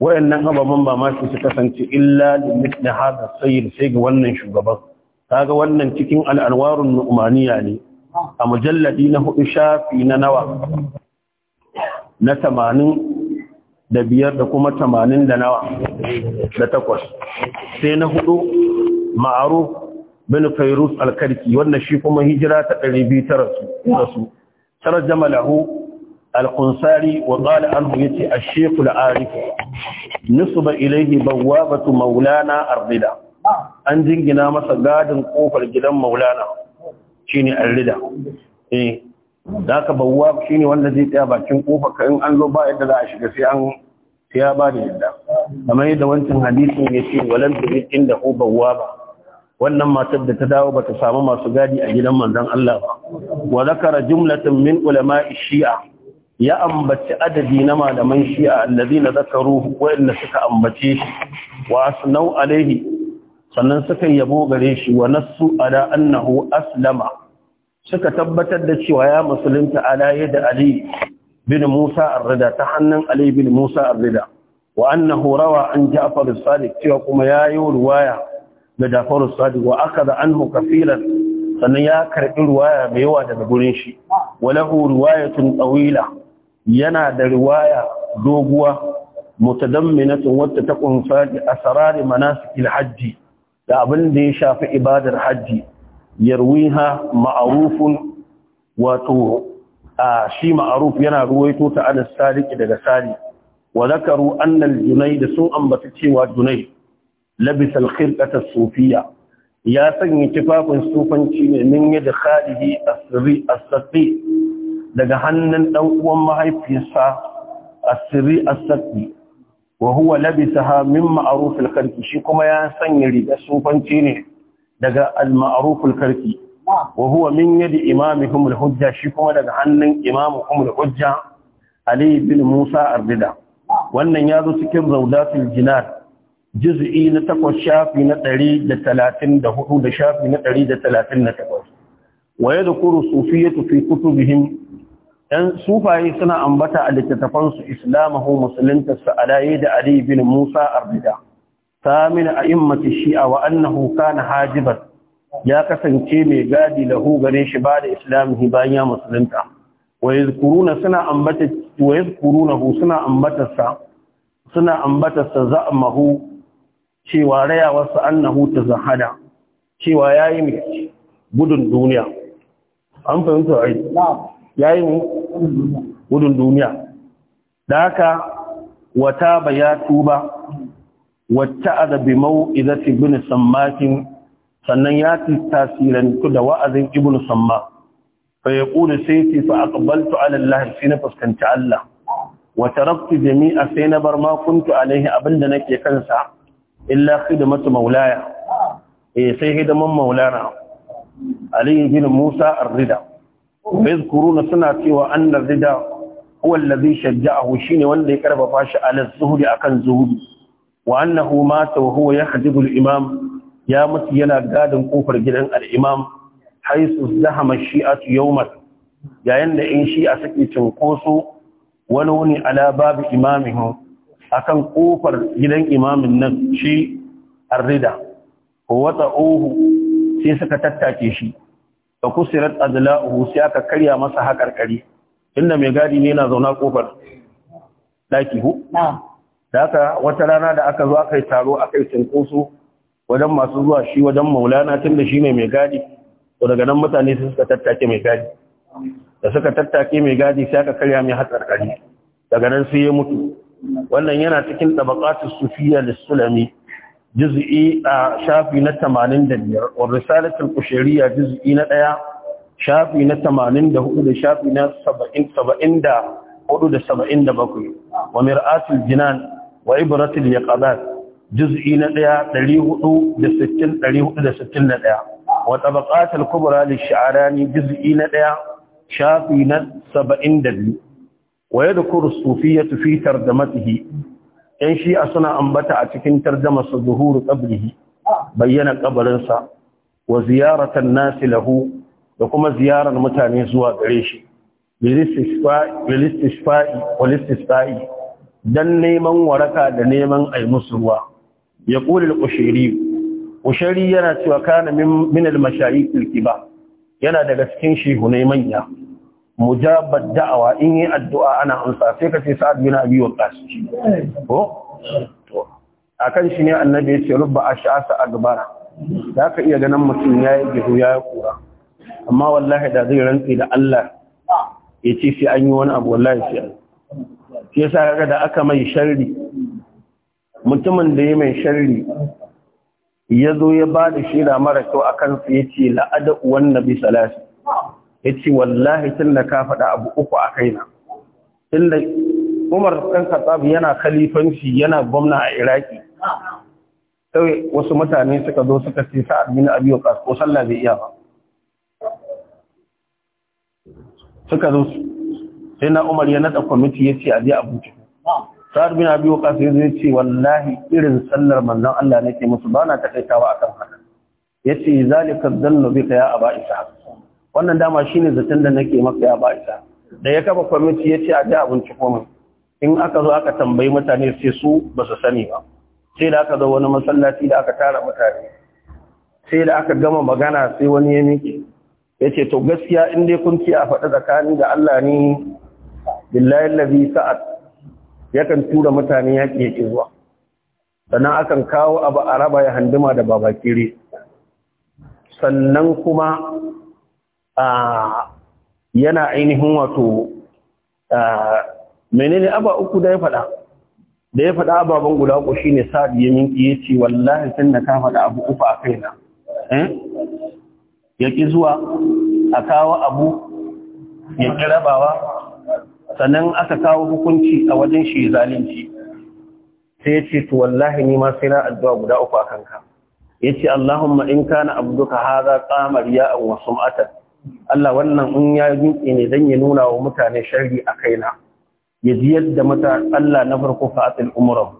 wayannan ababan ba ma su kasance illa da misli hada sayyid sai ga wannan shugaban kaga wannan cikin al-anwarun nu'maniya ne a mujalladi na hudu shafi na nawa na tamanin da biyar da kuma tamanin da nawa da takwas sai na hudu ma'aruf bin Al-karki, wannan shi kuma hijira ta ɗari biyu ta rasu tarjama lahu al-kunsari wa ƙala an huye ce a sheku la'arifu nisu ba ilaihi bawa batu maulana ardida an jingina masa gadin ƙofar gidan maulana shi ne ardida eh da aka bawa shi ne wanda zai tsaya bakin ƙofar kayan an zo ba yadda za a shiga sai an ya ba da yadda kamar yadda wancan hadisin ya ce walan da zai inda ba wannan matar da ta dawo ba ta samu masu gadi a gidan manzon Allah ba wa zakara jumlatan min ulama'i shi'a ya ambaci adadi na malaman shi'a allazina zakaruhu wa'anda suka ambace shi wa asnau alaihi sannan suka yabo gare shi wa nassu ala annahu aslama suka tabbatar da cewa ya musulunta ala yadda ali bin musa ar-rida ta hannun ali bin musa ar-rida wa annahu rawa an ja'far as-sadiq cewa kuma ya yi ruwaya da ja'far as-sadiq wa akada anhu kafilan sannan ya karbi ruwaya mai yawa daga gurin shi wa lahu ruwayatun tawila yana da riwaya doguwa mutadamminatun wadda ta kunsa a sarari manasikil hajji da abin da ya shafi ibadar hajji yarwiha ma'arufun wato a shi ma'aruf yana ruwaito ta anas sadiki daga sari wa zakaru junai da sun ambata cewa junai, labisal al Sufiya, ya sanya tufafin sufanci ne min yadda khalihi as-sirri daga hannun ɗan uwan mahaifiyarsa asiri asaki wa huwa labisaha min ma'arufin karki shi kuma ya sanya riga sufanci ne daga al-ma'arufil karki wa huwa min yadi imamihum al-hujja shi kuma daga hannun imamuhum al-hujja Ali bin Musa Ardida wannan ya zo cikin Zawdatul Jinan juz'i na takwas shafi na ɗari da talatin da da hudu shafi na ɗari da talatin 138 wa yadhkuru sufiyatu fi kutubihim dan sufaye suna ambata a littattafansu su islamahu musulunta su alaye da ali bin musa arbida samin a'immati shi'a wa annahu kana hajiban ya kasance mai gadi lahu gare shi ba da islamihi bayan ya musulunta wa yadhkuruna suna ambata wa yadhkurunahu suna ambata sa suna ambata sa za'amahu cewa rayawarsa annahu tazahada cewa yayi mai gudun duniya an fahimta ai na'am ya yi gudun duniya da haka wata ba ya tuba wata azabi mau'izati bin sammakin sannan ya tasirantu da wa'azin ibn samma fa ya ƙuni sai ce fa aqbaltu ala Allah sai na fuskanci Allah wa taraktu jami'a sai na bar ma kuntu alaihi abinda nake kansa illa khidmatu maulaya eh sai hidaman maulana ali bin Musa ar-Rida kuruna suna cewa anna rida huwa alladhi shajja'ahu shine wanda ya karfafa shi ala zuhudi akan zuhudi wa annahu mata wa huwa yahdibu al-imam ya mutu yana gadin kofar gidan al-imam haisu zahama shi'atu yawman yayin da in shi'a suke cinkoso wani wuni ala babu imamihu akan kofar gidan imamin nan shi arrida wata ohu sai suka tattake shi fa kusirat adla'uhu sai aka karya masa hakarkari inda mai gadi ne na zauna ƙofar ɗaki hu da aka wata rana da aka zo aka yi taro aka yi cinkoso wajen masu zuwa shi wajen maulana tun da shi ne mai gadi to daga nan mutane su suka tattake mai gadi da suka tattake mai gadi sai aka karya mai haƙarƙari. daga nan sai ya mutu wannan yana cikin ɗabaƙatun sufiya da sulami juz'i a shafi na 85 wa risalatul qushayriya juz'i na 1 shafi na 84 da shafi na 70 74 da 77 wa mir'atul jinan wa ibratul yaqabat juz'i na 1 460 461 wa tabaqatul kubra lish-sha'rani juz'i na 1 shafi na 72 ويذكر الصوفية في ترجمته ‘yan shi'a suna ambata a cikin tarjama su zuhuru ƙabrihi bayyana ƙabarinsa wa ziyaratan nasi lahu da kuma ziyarar mutane zuwa gare shi fa'i," don neman waraka da neman yi musu ruwa ya ƙulil ƙushiri ƙushiri yana cewa kana min mashayi ba yana daga cikin shehu ne manya mujabar da'awa in yi addu'a ana amsa sai ka ce sa'ad bin abi waqas ko akan shi ne annabi ce rubba a gabara Ya ka iya ganin mutum ya yayi gihu yi kura amma wallahi da zai rantsi da Allah ya ce sai an yi wani abu wallahi sai ya sa kaga da aka mai sharri mutumin da ya mai sharri ya zo ya ba da shira mara kyau a su ya ce la'ada uwan nabi salasi ya ce wallahi tun da ka faɗa abu uku a kaina tun da umar ɗan katsab yana khalifanci yana gwamna a iraki sai wasu mutane suka zo suka ce sa bin abi waqas ko sallah bai iya ba suka zo sai na umar ya naɗa kwamiti ya ce a je abuja sa'ad bin abi waqas ya ce wallahi irin sallar manzon Allah nake musu ba na takaitawa akan haka yace zalika dhannu bika ya aba ishaq wannan dama shi ne zaton da nake maka ya bata da ya kafa kwamiti ya ce a ji abinci kuma in aka zo aka tambayi mutane sai su ba su sani ba sai da aka zo wani masallaci da aka tara mutane sai da aka gama magana sai wani ya miƙe ya ce to gaskiya in dai kun ce a faɗi tsakani da Allah ne billahi lazi sa'ad yakan tura mutane yaƙi yake zuwa sannan akan kawo abu a raba ya handuma da babakire sannan kuma yana ainihin wato menene aba uku da ya faɗa da ya faɗa ababen guda uku shine sa'ad ya minki ya ce wallahi san da ka faɗa abu uku a kaina eh? ya ƙi zuwa a kawo abu ya ƙi rabawa sannan aka kawo hukunci a wajen shi zalunci sai ya ce to wallahi ni ma sai na addu'a guda uku a kanka ya ce Allahumma in kana abduka hadha qamariya ya'an wa sum'atan Allah wannan in ya yinke ne dan ya nuna wa mutane sharri a kaina ya ji yadda mata Allah na farko fa'atil umrah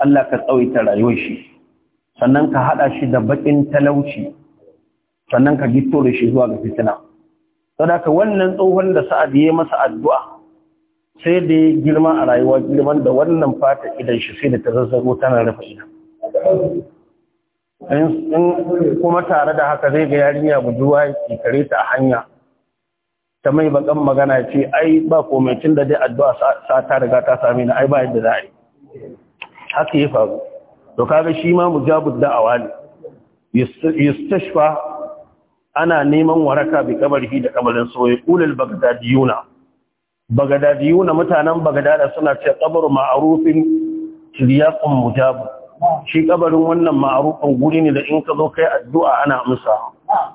Allah ka tsawaita rayuwar shi sannan ka hada shi da bakin talauci sannan ka gito da shi zuwa ga fitina saboda wannan tsohon da Sa'ad ya masa addu'a sai da ya girma a rayuwa girman da wannan fata idan shi sai da ta zazzago tana rufe idan in kuma tare da haka zai ga yarinya bujuwa ya kare ta a hanya ta mai bakan magana ce ai ba komai tun da dai addu'a sa ta riga ta same ni ai ba yadda za a yi haka ya faru to kaga shi ma da awa ne yustashfa ana neman waraka bi kabarihi da kabarin sa ulul bagdadiyuna bagdadiyuna mutanen bagdada suna ce kabaru ma'arufin tiryaqun mujabu. shi kabarin wannan ma'arufan guri ne da in ka zo kai addu'a ana amsa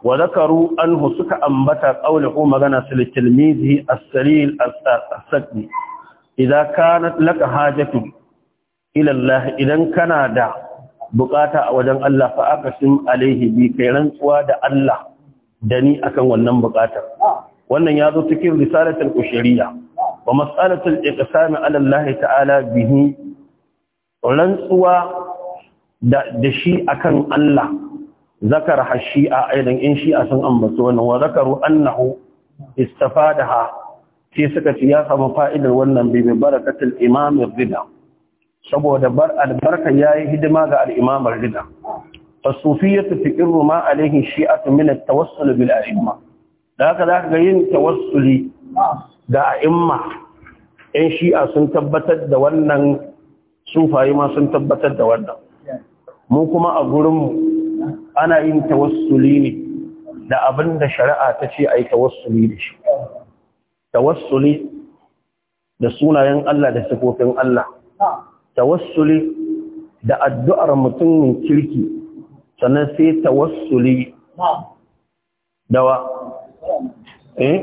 wa zakaru anhu suka ambata qawluhu magana sil tilmizi as-salil as-saqi idza kanat laka hajatu ila Allah idan kana da bukata a wajen Allah fa aqsim alaihi bi kai rantsuwa da Allah dani akan wannan bukatar wannan ya zo cikin risalatul kushiriya, wa mas'alatul iqsam ala Allah ta'ala bihi rantsuwa da shi akan Allah zakar hashi'a aidan in shi'a sun ambaci wannan wa zakaru annahu istafadaha sai suka ci ya samu fa'idar wannan bi bi barakatul imam rida saboda bar albarka yayi hidima ga al-imam rida fasufiyatu fiqru ma alaihi shi'atu min at-tawassul bil a'imma da haka zaka ga yin tawassuli da a'imma In shi'a sun tabbatar da wannan sufaye ma sun tabbatar da wannan mu kuma a gurinmu ana yin tawassuli ne da abin da shari'a ta ce a yi tawassuli da shi tawassuli da sunayen Allah da sifofin Allah tawassuli da addu'ar mutumin kirki sannan sai tawassuli dawa eh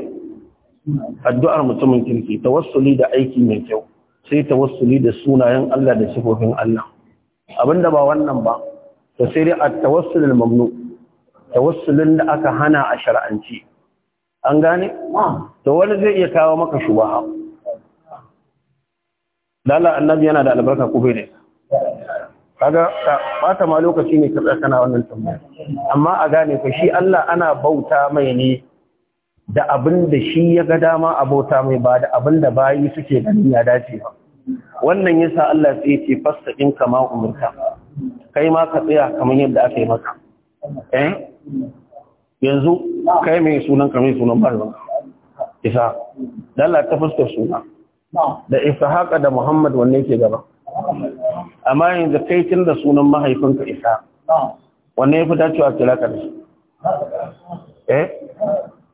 addu'ar mutumin kirki tawassuli da aiki mai kyau sai tawassuli da sunayen Allah da sifofin Allah abinda ba wannan ba to sai dai at-tawassul al-mamnu tawassulin da aka hana a shar'anci an gane to wani zai iya kawo maka shubaha lalla annabi yana da albarka ko bai ne kaga bata ma lokaci ne ka na wannan tambaya amma a gane ka shi Allah ana bauta mai ne da abin da shi ya ga dama a bauta mai ba da abin da bayi suke ganin ya dace ba wannan yasa Allah sai ce fastaqim kama umarta kai ma ka tsaya kamar yadda aka yi maka eh yanzu kai mai sunan kamar sunan barba isa Allah ta fuskar suna da isa haka da Muhammad wanne yake gaba amma yanzu kai tun da sunan mahaifinka isa wanne ya fi dacewa kira ka da shi eh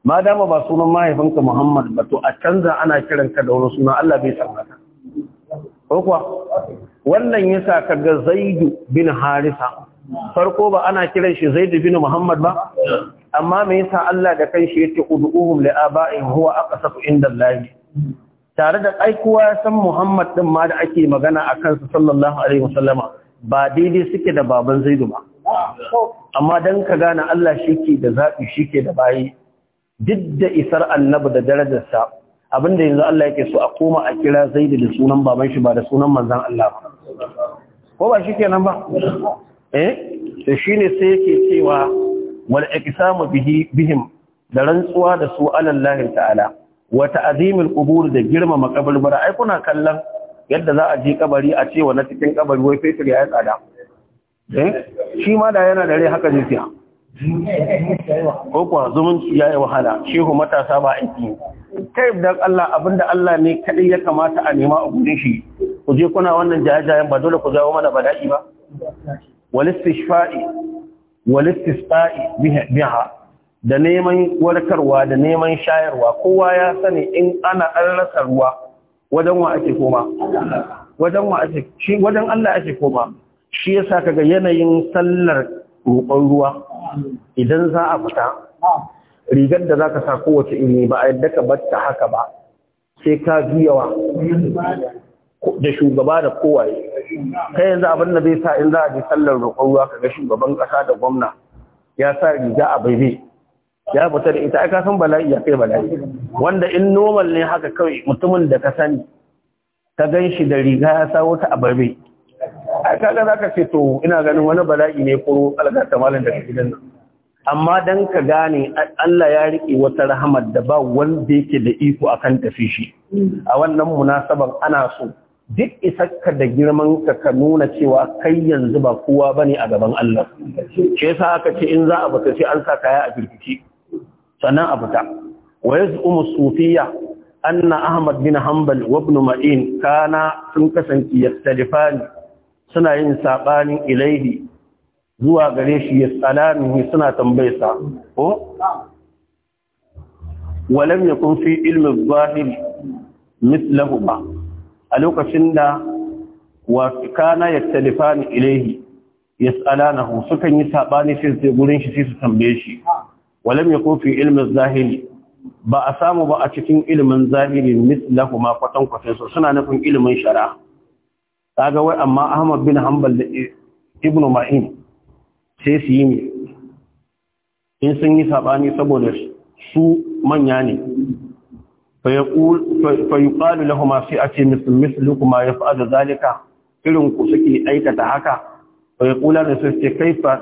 ma dama ba sunan mahaifinka Muhammad ba to a canza ana kiranka da wani suna Allah bai san ko kuwa wannan yasa kaga Zaidu bin Harisa farko ba ana kiran shi Zaidu bin Muhammad ba amma me yasa Allah da kanshi yake ud'uhum li aba'in huwa aqsatu inda Allah tare da aikuwa ya san Muhammad din ma da ake magana a sa sallallahu alaihi wasallama ba daidai suke da baban Zaidu ba amma dan ka gane Allah shike da zabi shike da bayi duk da isar annabi da darajarsa abinda yanzu Allah yake so a koma a kira zaidu da sunan baban shi ba da sunan manzan Allah ba ko ba shikenan ba eh to shine sai yake cewa wal iqsamu bihi bihim da rantsuwa da su alallahi ta'ala wa ta'zimul qubur da girmama bara, ai kuna kallon yadda za a je kabari a cewa na cikin kabari wai fetur ya tsada eh shi ma da yana da rai haka ne sai ko kuwa zumunci ya yi wahala shehu matasa ba aiki ta dan Allah abinda Allah ne kaɗai ya kamata a nema a gudun shi ku je kuna wannan jajayen ba dole ku zawo mana bala'i ba walistishfa'i walistisfa'i biha da neman warkarwa da neman shayarwa kowa ya sani in ana an rasa ruwa wajen wa ake koma wajen Allah ake koma shi yasa kaga yanayin sallar roƙon ruwa idan za a fita rigar da za ka sa kowace iri ba a yadda ka batta haka ba sai ka juyawa da shugaba da kowaye kai yanzu abin da zai sa in za a je sallar roƙon ruwa ka ga shugaban ƙasa da gwamna ya sa riga a baibe ya fita da ita ka san bala'i ya kai bala'i wanda in normal ne haka kawai mutumin da ka sani ka gan shi da riga ya sa wata a baibe a kaga za ka ce to ina ganin wani bala'i ne ko ta malam daga gidan nan amma dan ka gane Allah ya riƙe wata rahamar da ba wanda yake da iko akan tafi shi a wannan munasaban ana so duk isakka da girman ka ka nuna cewa kai yanzu ba kowa bane a gaban Allah Ke yasa aka ce in za a fita sai an sa kaya a firfici sannan a fita wa yaz'umu sufiya anna ahmad bin hanbal wa ibn ma'in kana sun kasance yattalifani suna yin saɓanin ilaihi zuwa gare shi ya yi suna tambayarsa ko walam yakun fi ilmin zahir mislahu ba a lokacin da wa kana yattalifani ilaihi yas'alanahu sukan yi saɓani shi sai gurin shi sai su tambaye shi walam kun fi ilmin zahiri ba a samu ba a cikin ilimin zahiri mislahu ma kwatan su suna nufin ilimin shara'a kaga wai amma Ahmad bin Hanbal da Ibn Ma'in sai su yi ne in sun yi saboda su manya ne fa yuqalu lahum fi ati misl mislukum ma yaf'alu zalika irin ku suke aikata haka fa yaqulu da su ce kaifa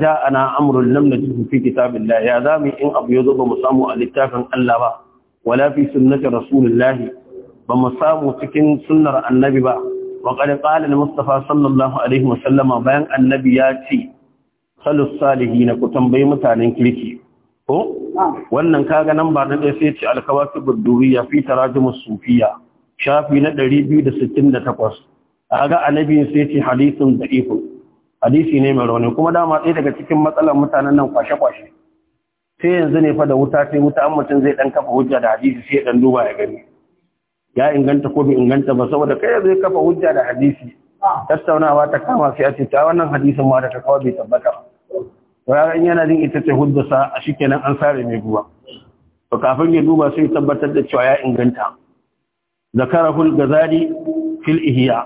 ja ana amurin amrun lam najidhu fi kitabillah ya zami in abu ya zo ba mu samu a littafin Allah ba wala fi sunnati rasulillahi ba mu samu cikin sunnar annabi ba wa qad qala mustafa sallallahu alaihi wa sallama bayan annabi ya ce salus salihin ku tambayi mutanen kirki ko ah. wannan kaga nan ba na ɗaya sai ce al burduri ya fi tarajum as shafi na 268 kaga annabi sai ce hadithun da'if hadisi ne mai rauni kuma dama tsaye daga cikin matsalar mutanen nan kwashe-kwashe sai yanzu ne fa da wuta sai wuta an mutum zai ɗan kafa hujja da hadisi sai ɗan dan duba ya gani ya inganta ko bai inganta ba saboda kai zai kafa hujja da hadisi ah. tattaunawa ta kama sai a ce ta wannan hadisin ma da ta kawo bai tabbata to ya in yana jin ita ce sa a shikenan an sare mai ruwa. to kafin ya duba sai tabbatar da cewa ya inganta zakarahu al-ghazali fil ihya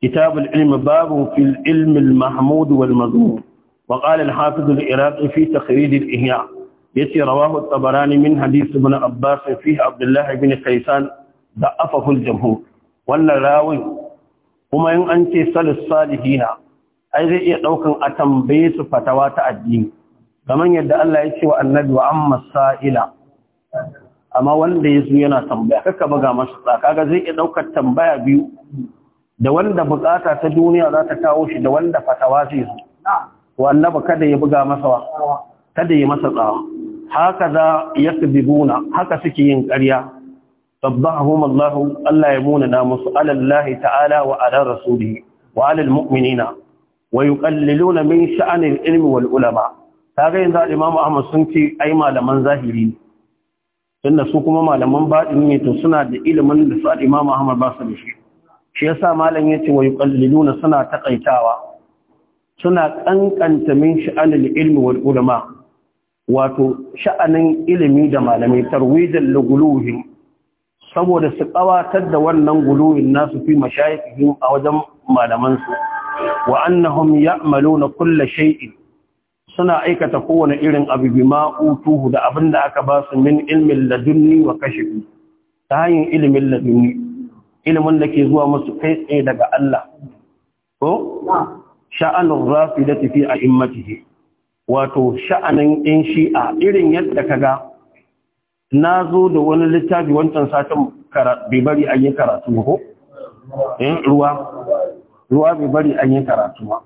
kitab al-ilm babu fil ilm al-mahmud wal mazmum وقال الحافظ العراقي في تخريج ihya يتي رواه الطبراني من حديث ابن عباس فيه عبد الله بن da afahul jamhur wannan rawin kuma in an ce salus salihina ai zai iya daukan a tambaye su fatawa ta addini kamar yadda Allah ya ce wa annabi wa amma sa'ila amma wanda ya zo yana tambaya kaka buga masa tsaka zai iya daukar tambaya biyu da wanda bukata ta duniya za ta kawo shi da wanda fatawa zai zo wa annabi kada ya buga masa wa kada ya masa tsawa haka za yakdibuna haka suke yin ƙarya فضعهم الله الله يموننا مسؤال الله تعالى وعلى رسوله وعلى المؤمنين ويقللون من شأن العلم والعلماء تاغين ذا الإمام أحمد سنتي أي مالمان ظاهرين إن سوكما مالمان باطنين تسنى لإلمان لساء الإمام أحمد باسل شيء شيء يسا مالن يتي ويقللون سنة تقيتاوا سنة أنكنت من شأن العلم والعلماء واتو شأن علمي دمالمي ترويد اللغلوهم saboda su ƙawatar da wannan guluwin nasu fi mashayikihim a wajen malamansu wa annahum ya'maluna kulla shay'in suna aikata kowane irin abu bima utuhu da abin da aka ba su min ilmin ladunni wa kashifi ta hanyar ilimin ladunni ilimin da ke zuwa musu kai tsaye daga Allah ko da rafidati fi a'immatihi wato sha'anin in shi'a irin yadda ka ga. na zo da wani littafi wancan satin bai bari an yi karatu ko eh, ruwa ruwa bai bari an yi karatu ba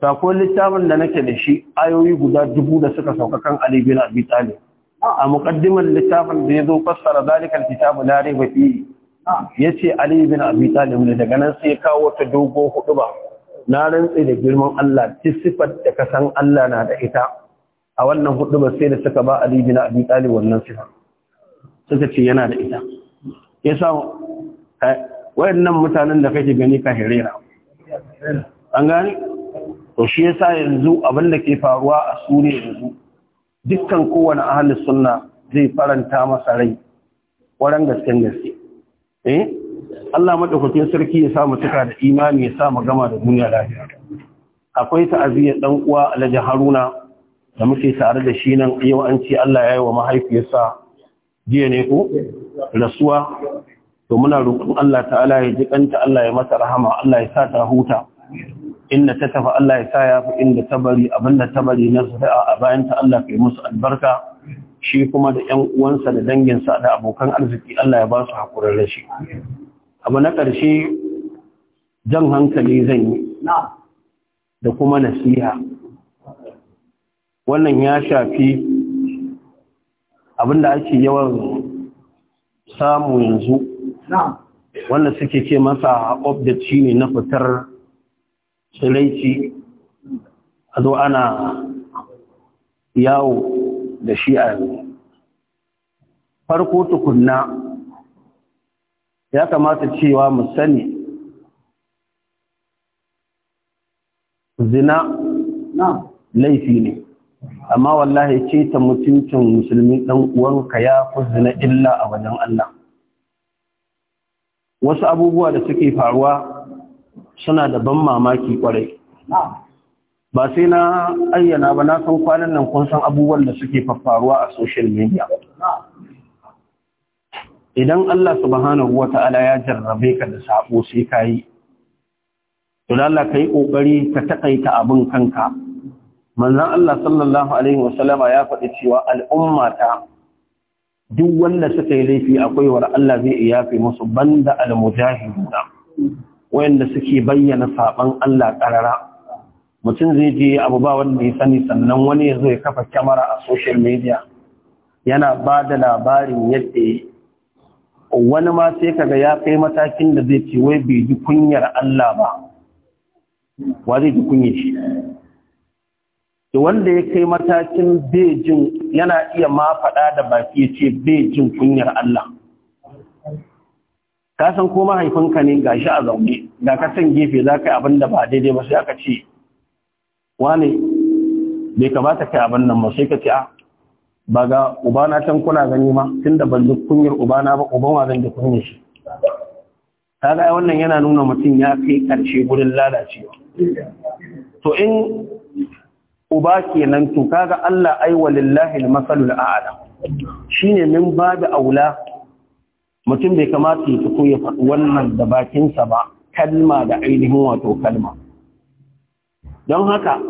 ta ko littafin da nake da shi ayoyi guda dubu da suka sauka kan Ali bin Abi Talib a muqaddimar littafin da ya zo fassara zalikal kitabu la rayba yace Ali bin Abi Talib ne daga nan sai kawo ta dogo hudu ba na rantsi da girman Allah sifar da kasan Allah na da ita a wannan hudu ba sai da suka ba Ali bin Abi Talib wannan sifar suka ce yana da ita ya sa eh, wayannan mutanen da kake gani ka herera an gani to shi sa yanzu abin da ke faruwa a suriya yanzu dukkan kowane ahali suna zai faranta masa rai waran gasken gaske eh Allah madaukakin sarki ya sa mu cika da imani ya sa mu gama da duniya lafiya akwai ta'aziyyar dan uwa Alhaji Haruna da muke tare da shi nan yau an ce Allah ya yi wa mahaifiyarsa jiya ne ko rasuwa to muna roƙon Allah ta'ala ya ji kanta Allah ya masa rahama Allah ya sa ta huta inda ta tafi Allah ya sa ya fi inda ta bari abinda ta bari na zuri'a a bayan ta Allah ya musu albarka shi kuma da ƴan uwansa da danginsa da abokan arziki Allah ya ba su da rashi abu na ƙarshe jan hankali zan yi da kuma nasiha wannan ya shafi abinda ake yawan samu yanzu wanda suke ce masa update shi ne na fitar tsiraici a zo ana yawo da shi a yanzu farko tukunna ya kamata cewa mu sani zina laifi ne amma wallahi ce ta mutuncin musulmi ɗan uwanka ya kuzina illa a wajen Allah wasu abubuwa da suke faruwa suna da ban mamaki kwarai ba sai na ayyana ba na san kwanan nan kun san abubuwan da suke faruwa a social media idan Allah subhanahu ta'ala ya jarrabe ka da sabo sai ka yi to Allah kai kokari ka takaita abin kanka manzon Allah sallallahu alaihi wasallama ya faɗi cewa al'ummata duk wanda suka yi laifi akwai wa Allah zai iyafe musu banda al-mujahiduna wayanda suke bayyana saban Allah ƙarara. mutum zai je abu ba wanda ya sani sannan wani ya zo ya kafa kyamara a social media yana ba da labarin yadda wani ma sai kaga ya kai matakin da zai ce wai bai ji kunyar Allah ba wa zai ji kunyar shi Da wanda ya kai matakin bejin yana iya ma faɗa da baki ya ce bejin kunyar Allah ka san ko mahaifinka ne ga shi a zaune ga ka san gefe za ka yi abin da ba daidai ba sai aka ce wane bai kamata kai abin nan ba sai ka ce a ah, ba ga ubana can kuna gani ma tun da ban ji kunyar ubana ba uban wa zan ji kunyar shi kaga ga wannan yana nuna mutum ya kai karshe gurin lalacewa to in uba kenan to kaga Allah ai walillahi al-masalul a'la shine min babu aula mutum bai kamata ya fito ya faɗi wannan da bakin sa ba kalma da ainihin wato kalma don haka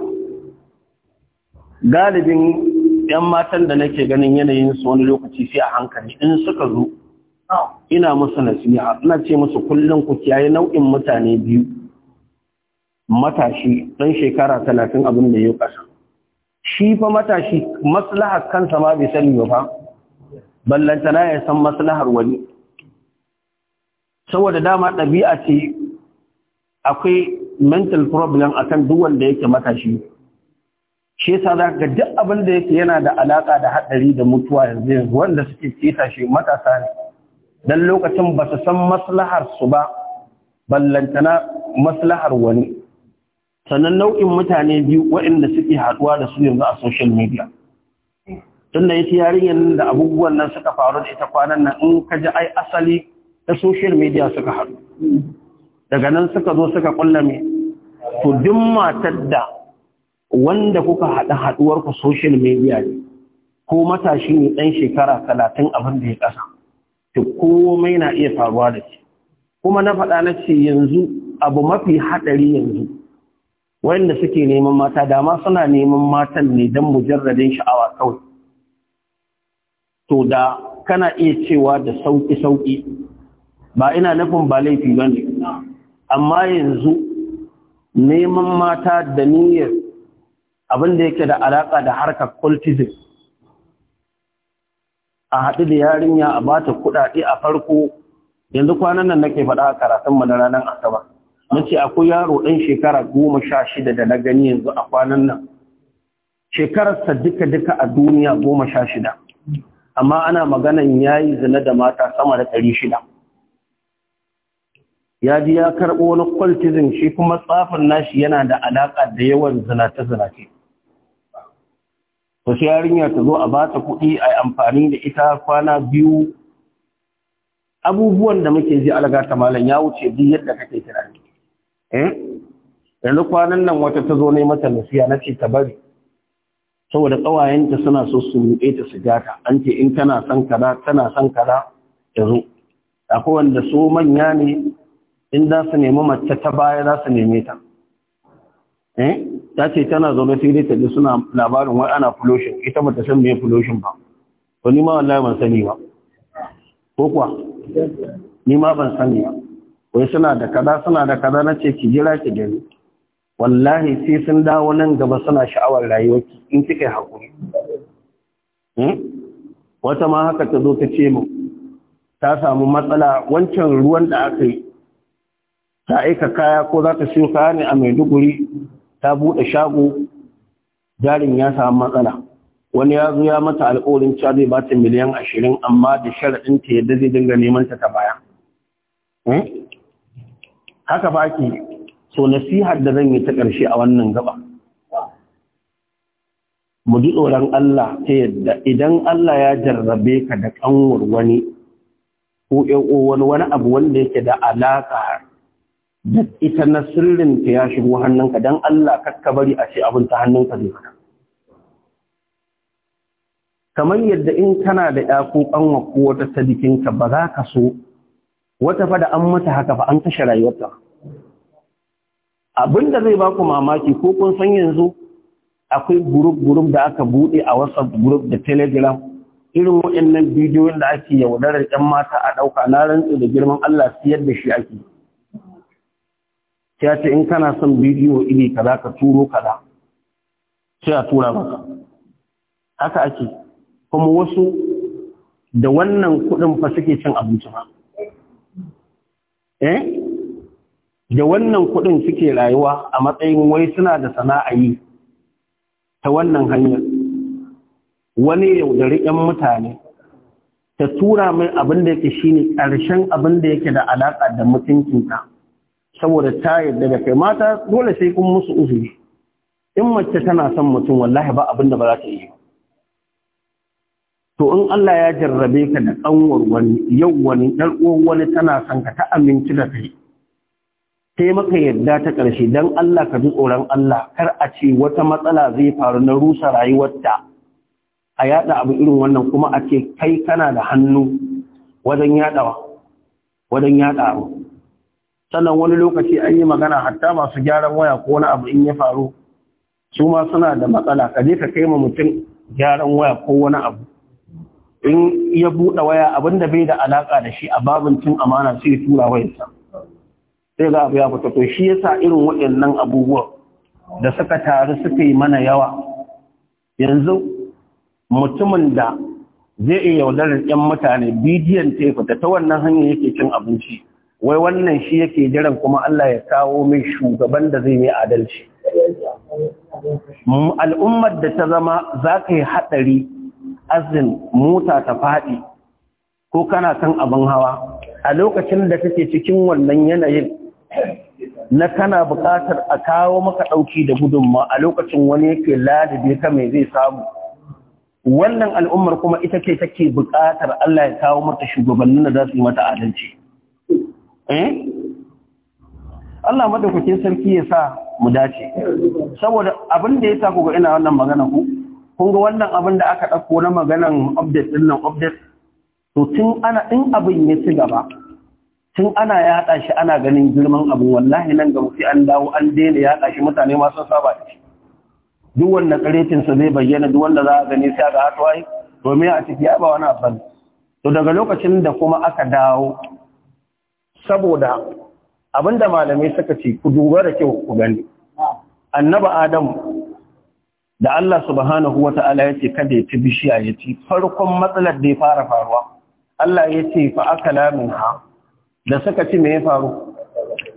galibin 'yan matan da nake ganin yanayin su wani lokaci sai a hankali in suka zo ina musu nasiha ina ce musu kullum ku kiyaye nau'in mutane biyu matashi ɗan shekara talatin abin da ya ƙasa shi fa matashi maslahar kansa ma bai sani ba na ya san maslahar wani saboda dama ɗabi'a ce akwai mental problem akan duk wanda yake matashi shi yasa za ga duk abin da yake yana da alaka da haɗari da mutuwa yanzu yanzu wanda suke keta shi matasa ne dan lokacin ba su san maslahar su ba ballantana maslahar wani sannan nau'in mutane biyu waɗanda suke haɗuwa da su yanzu a social media tunda yace yarinyar da abubuwan nan suka faru da ita kwanan nan in ka ji ai asali ta social media suka haɗu daga nan suka zo suka kullame to duk matar da wanda kuka haɗa haɗuwar ku social media ne ko matashi ne ɗan shekara talatin abin da ya ƙasa to komai na iya faruwa da shi kuma na faɗa na ce yanzu abu mafi haɗari yanzu wanda suke neman mata dama suna neman matan ne don mujarradin sha'awa kawai to da kana iya cewa da sauƙi-sauƙi ba ina nufin ba laifi ba ne amma yanzu neman mata da niyyar abinda yake da alaƙa da harkar cultism a haɗu da yarinya a bata kuɗaɗe a farko yanzu kwanan nan nake faɗa a karatun mu na ranar asabar mun ce akwai yaro ɗan shekara goma sha shida da na gani yanzu a kwanan nan shekararsa duka-duka a duniya goma sha shida amma ana maganan ya yi zina da mata sama da ɗari shida ya ji ya karɓo wani kwaltizin shi kuma tsafin nashi yana da alaƙa da yawan zinace-zinace wasu yarinya ta zo a ba ta kuɗi a amfani da ita kwana biyu abubuwan da muke ji algata malam ya wuce duk yadda kake tunani Eh? yanzu kwanan nan wata ta zo ne mata nasiya na ce ta bari saboda ƙawayenta suna so su ruɗe ta sujata an ce in tana son kaza tana son kaza ta zo akwai wanda su manya ne in za su nemi mace ta baya za su neme ta eh? ta ce tana zaune sai dai ta ji suna labarin wai ana fuloshin ita ba ta san me fuloshin ba to ni ma wallahi ban sani ba ko kuwa ni ma ban sani ba wai suna da kaza suna da kaza na ce ki jira ki gani wallahi sai sun dawo nan gaba suna sha'awar rayuwarki in kika yi haƙuri hmm? wata ma haka ta zo ta ce mu ta samu matsala wancan ruwan da aka yi ta aika kaya ko za ta siyo kaya ne a maiduguri ta buɗe shago jarin ya samu matsala wani ya zo ya mata alƙawarin cewa zai ba ta miliyan ashirin amma da sharaɗin ta yadda zai dinga neman ta ta baya hmm? haka ba ki so nasihar da zan yi ta ƙarshe a wannan gaba mu ji tsoron Allah ta yadda idan Allah ya jarrabe ka da kanwar wani ko wani wani abu wanda yake da alaƙa da ita na sirrin ta ya shigo hannunka don Allah kakka bari a ce abin ta hannunka zai fita kamar yadda in kana da ya ko ƙanwa ko wata sadikinka ba za ka so wata fa an mata haka fa an kashe rayuwarta abin da zai baku mamaki ko kun san yanzu akwai gurup-gurup da aka buɗe a whatsapp gurup da telegram irin waɗannan bidiyoyin da ake yaudarar 'yan mata a ɗauka na rantsu da girman Allah siyar da shi ake ya ce in kana son bidiyo iri kaza ka turo kaza sai a tura maka haka ake kuma wasu da wannan kuɗin fa suke cin abinci ba eh da wannan kuɗin suke rayuwa a matsayin wai suna da sana'a yi ta wannan hanyar wani yaudari 'yan mutane ta tura mai abin da yake shine ƙarshen abin da yake da alaƙa da mutuncinta saboda ta yarda da kai mata dole sai kun musu uzuri in mace tana son mutum wallahi ba abin da ba za ta yi ba. to in Allah ya jarrabe ka da tsanwar wani yau wani ɗan wani tana son ka ta aminci da kai sai maka yarda ta ƙarshe dan Allah ka ji tsoron Allah kar a ce wata matsala zai faru na rusa rayuwarta a yada abu irin wannan kuma a ce kai kana da hannu wajen yadawa wajen yada abu sannan wani lokaci an yi magana hatta masu gyaran waya ko wani abu in ya faru su ma suna da matsala ka je ka kai ma mutum gyaran waya ko wani abu in ya buɗe waya abin da bai da alaƙa da shi a babin cin amana sai tura wayarsa sai ga abu ya fita to shi yasa irin waɗannan abubuwa da suka taru suka yi mana yawa yanzu mutumin da zai iya yaudarar 'yan mutane bidiyon ta fita ta wannan hanyar yake cin abinci wai wannan shi yake jiran kuma Allah ya kawo mai shugaban da zai yi adalci al'ummar da ta zama za ka yi haɗari azin mota ta faɗi ko kana kan abin hawa a lokacin da kake cikin wannan yanayin na kana buƙatar a kawo maka ɗauki da gudunma a lokacin wani yake ladabe ka mai zai samu wannan al'ummar kuma ita ke take buƙatar Allah ya kawo mata shugabannin da za su yi mata adalci eh? Allah madaukakin sarki ya sa mu dace saboda abin da ya sa ku ga ina wannan magana ku kun ga wannan abin da aka ɗauko na maganan update ɗin nan update to tun ana in abin ya ci gaba tun ana yaɗa shi ana ganin girman abu wallahi nan ga mafi an dawo an daina yaɗa shi mutane ma sun saba da shi duk wanda karetin sa zai bayyana duk wanda za a gani sai ga hatu ah, ai to me a ciki ba wani abban to daga lokacin da kuma aka dawo saboda abinda malamai suka ce ku duba da kyau ku gani annaba adamu da Allah subhanahu wa ta'ala ya ce kada ya ci bishiya ya ci farkon matsalar da ya fara faruwa Allah ya ce fa aka lamin ha da suka ci me ya faru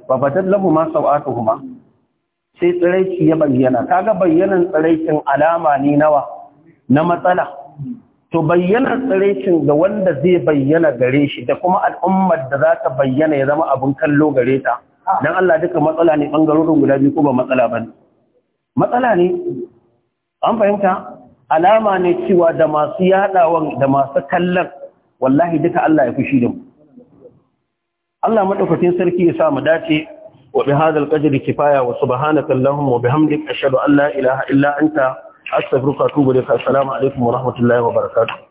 ba fatar lahu ma sau'atu sai tsiraici ya bayyana kaga bayyanan tsiraicin alama ne nawa na matsala to bayyanar tsiraicin da wanda zai bayyana gare shi da kuma al'ummar da za ta bayyana ya zama abin kallo gare ta don Allah duka matsala ne ɓangarorin guda biyu ko ba matsala ba ne matsala ne an fahimta alama ne cewa da masu yadawan da masu kallon wallahi duka Allah ya fushi da mu Allah madaukakin sarki ya sa mu dace wa bi hadal qadri kifaya wa subhanaka allahumma wa bihamdika ashhadu an la ilaha illa anta astaghfiruka wa atubu ilaik assalamu alaikum wa rahmatullahi wa barakatuh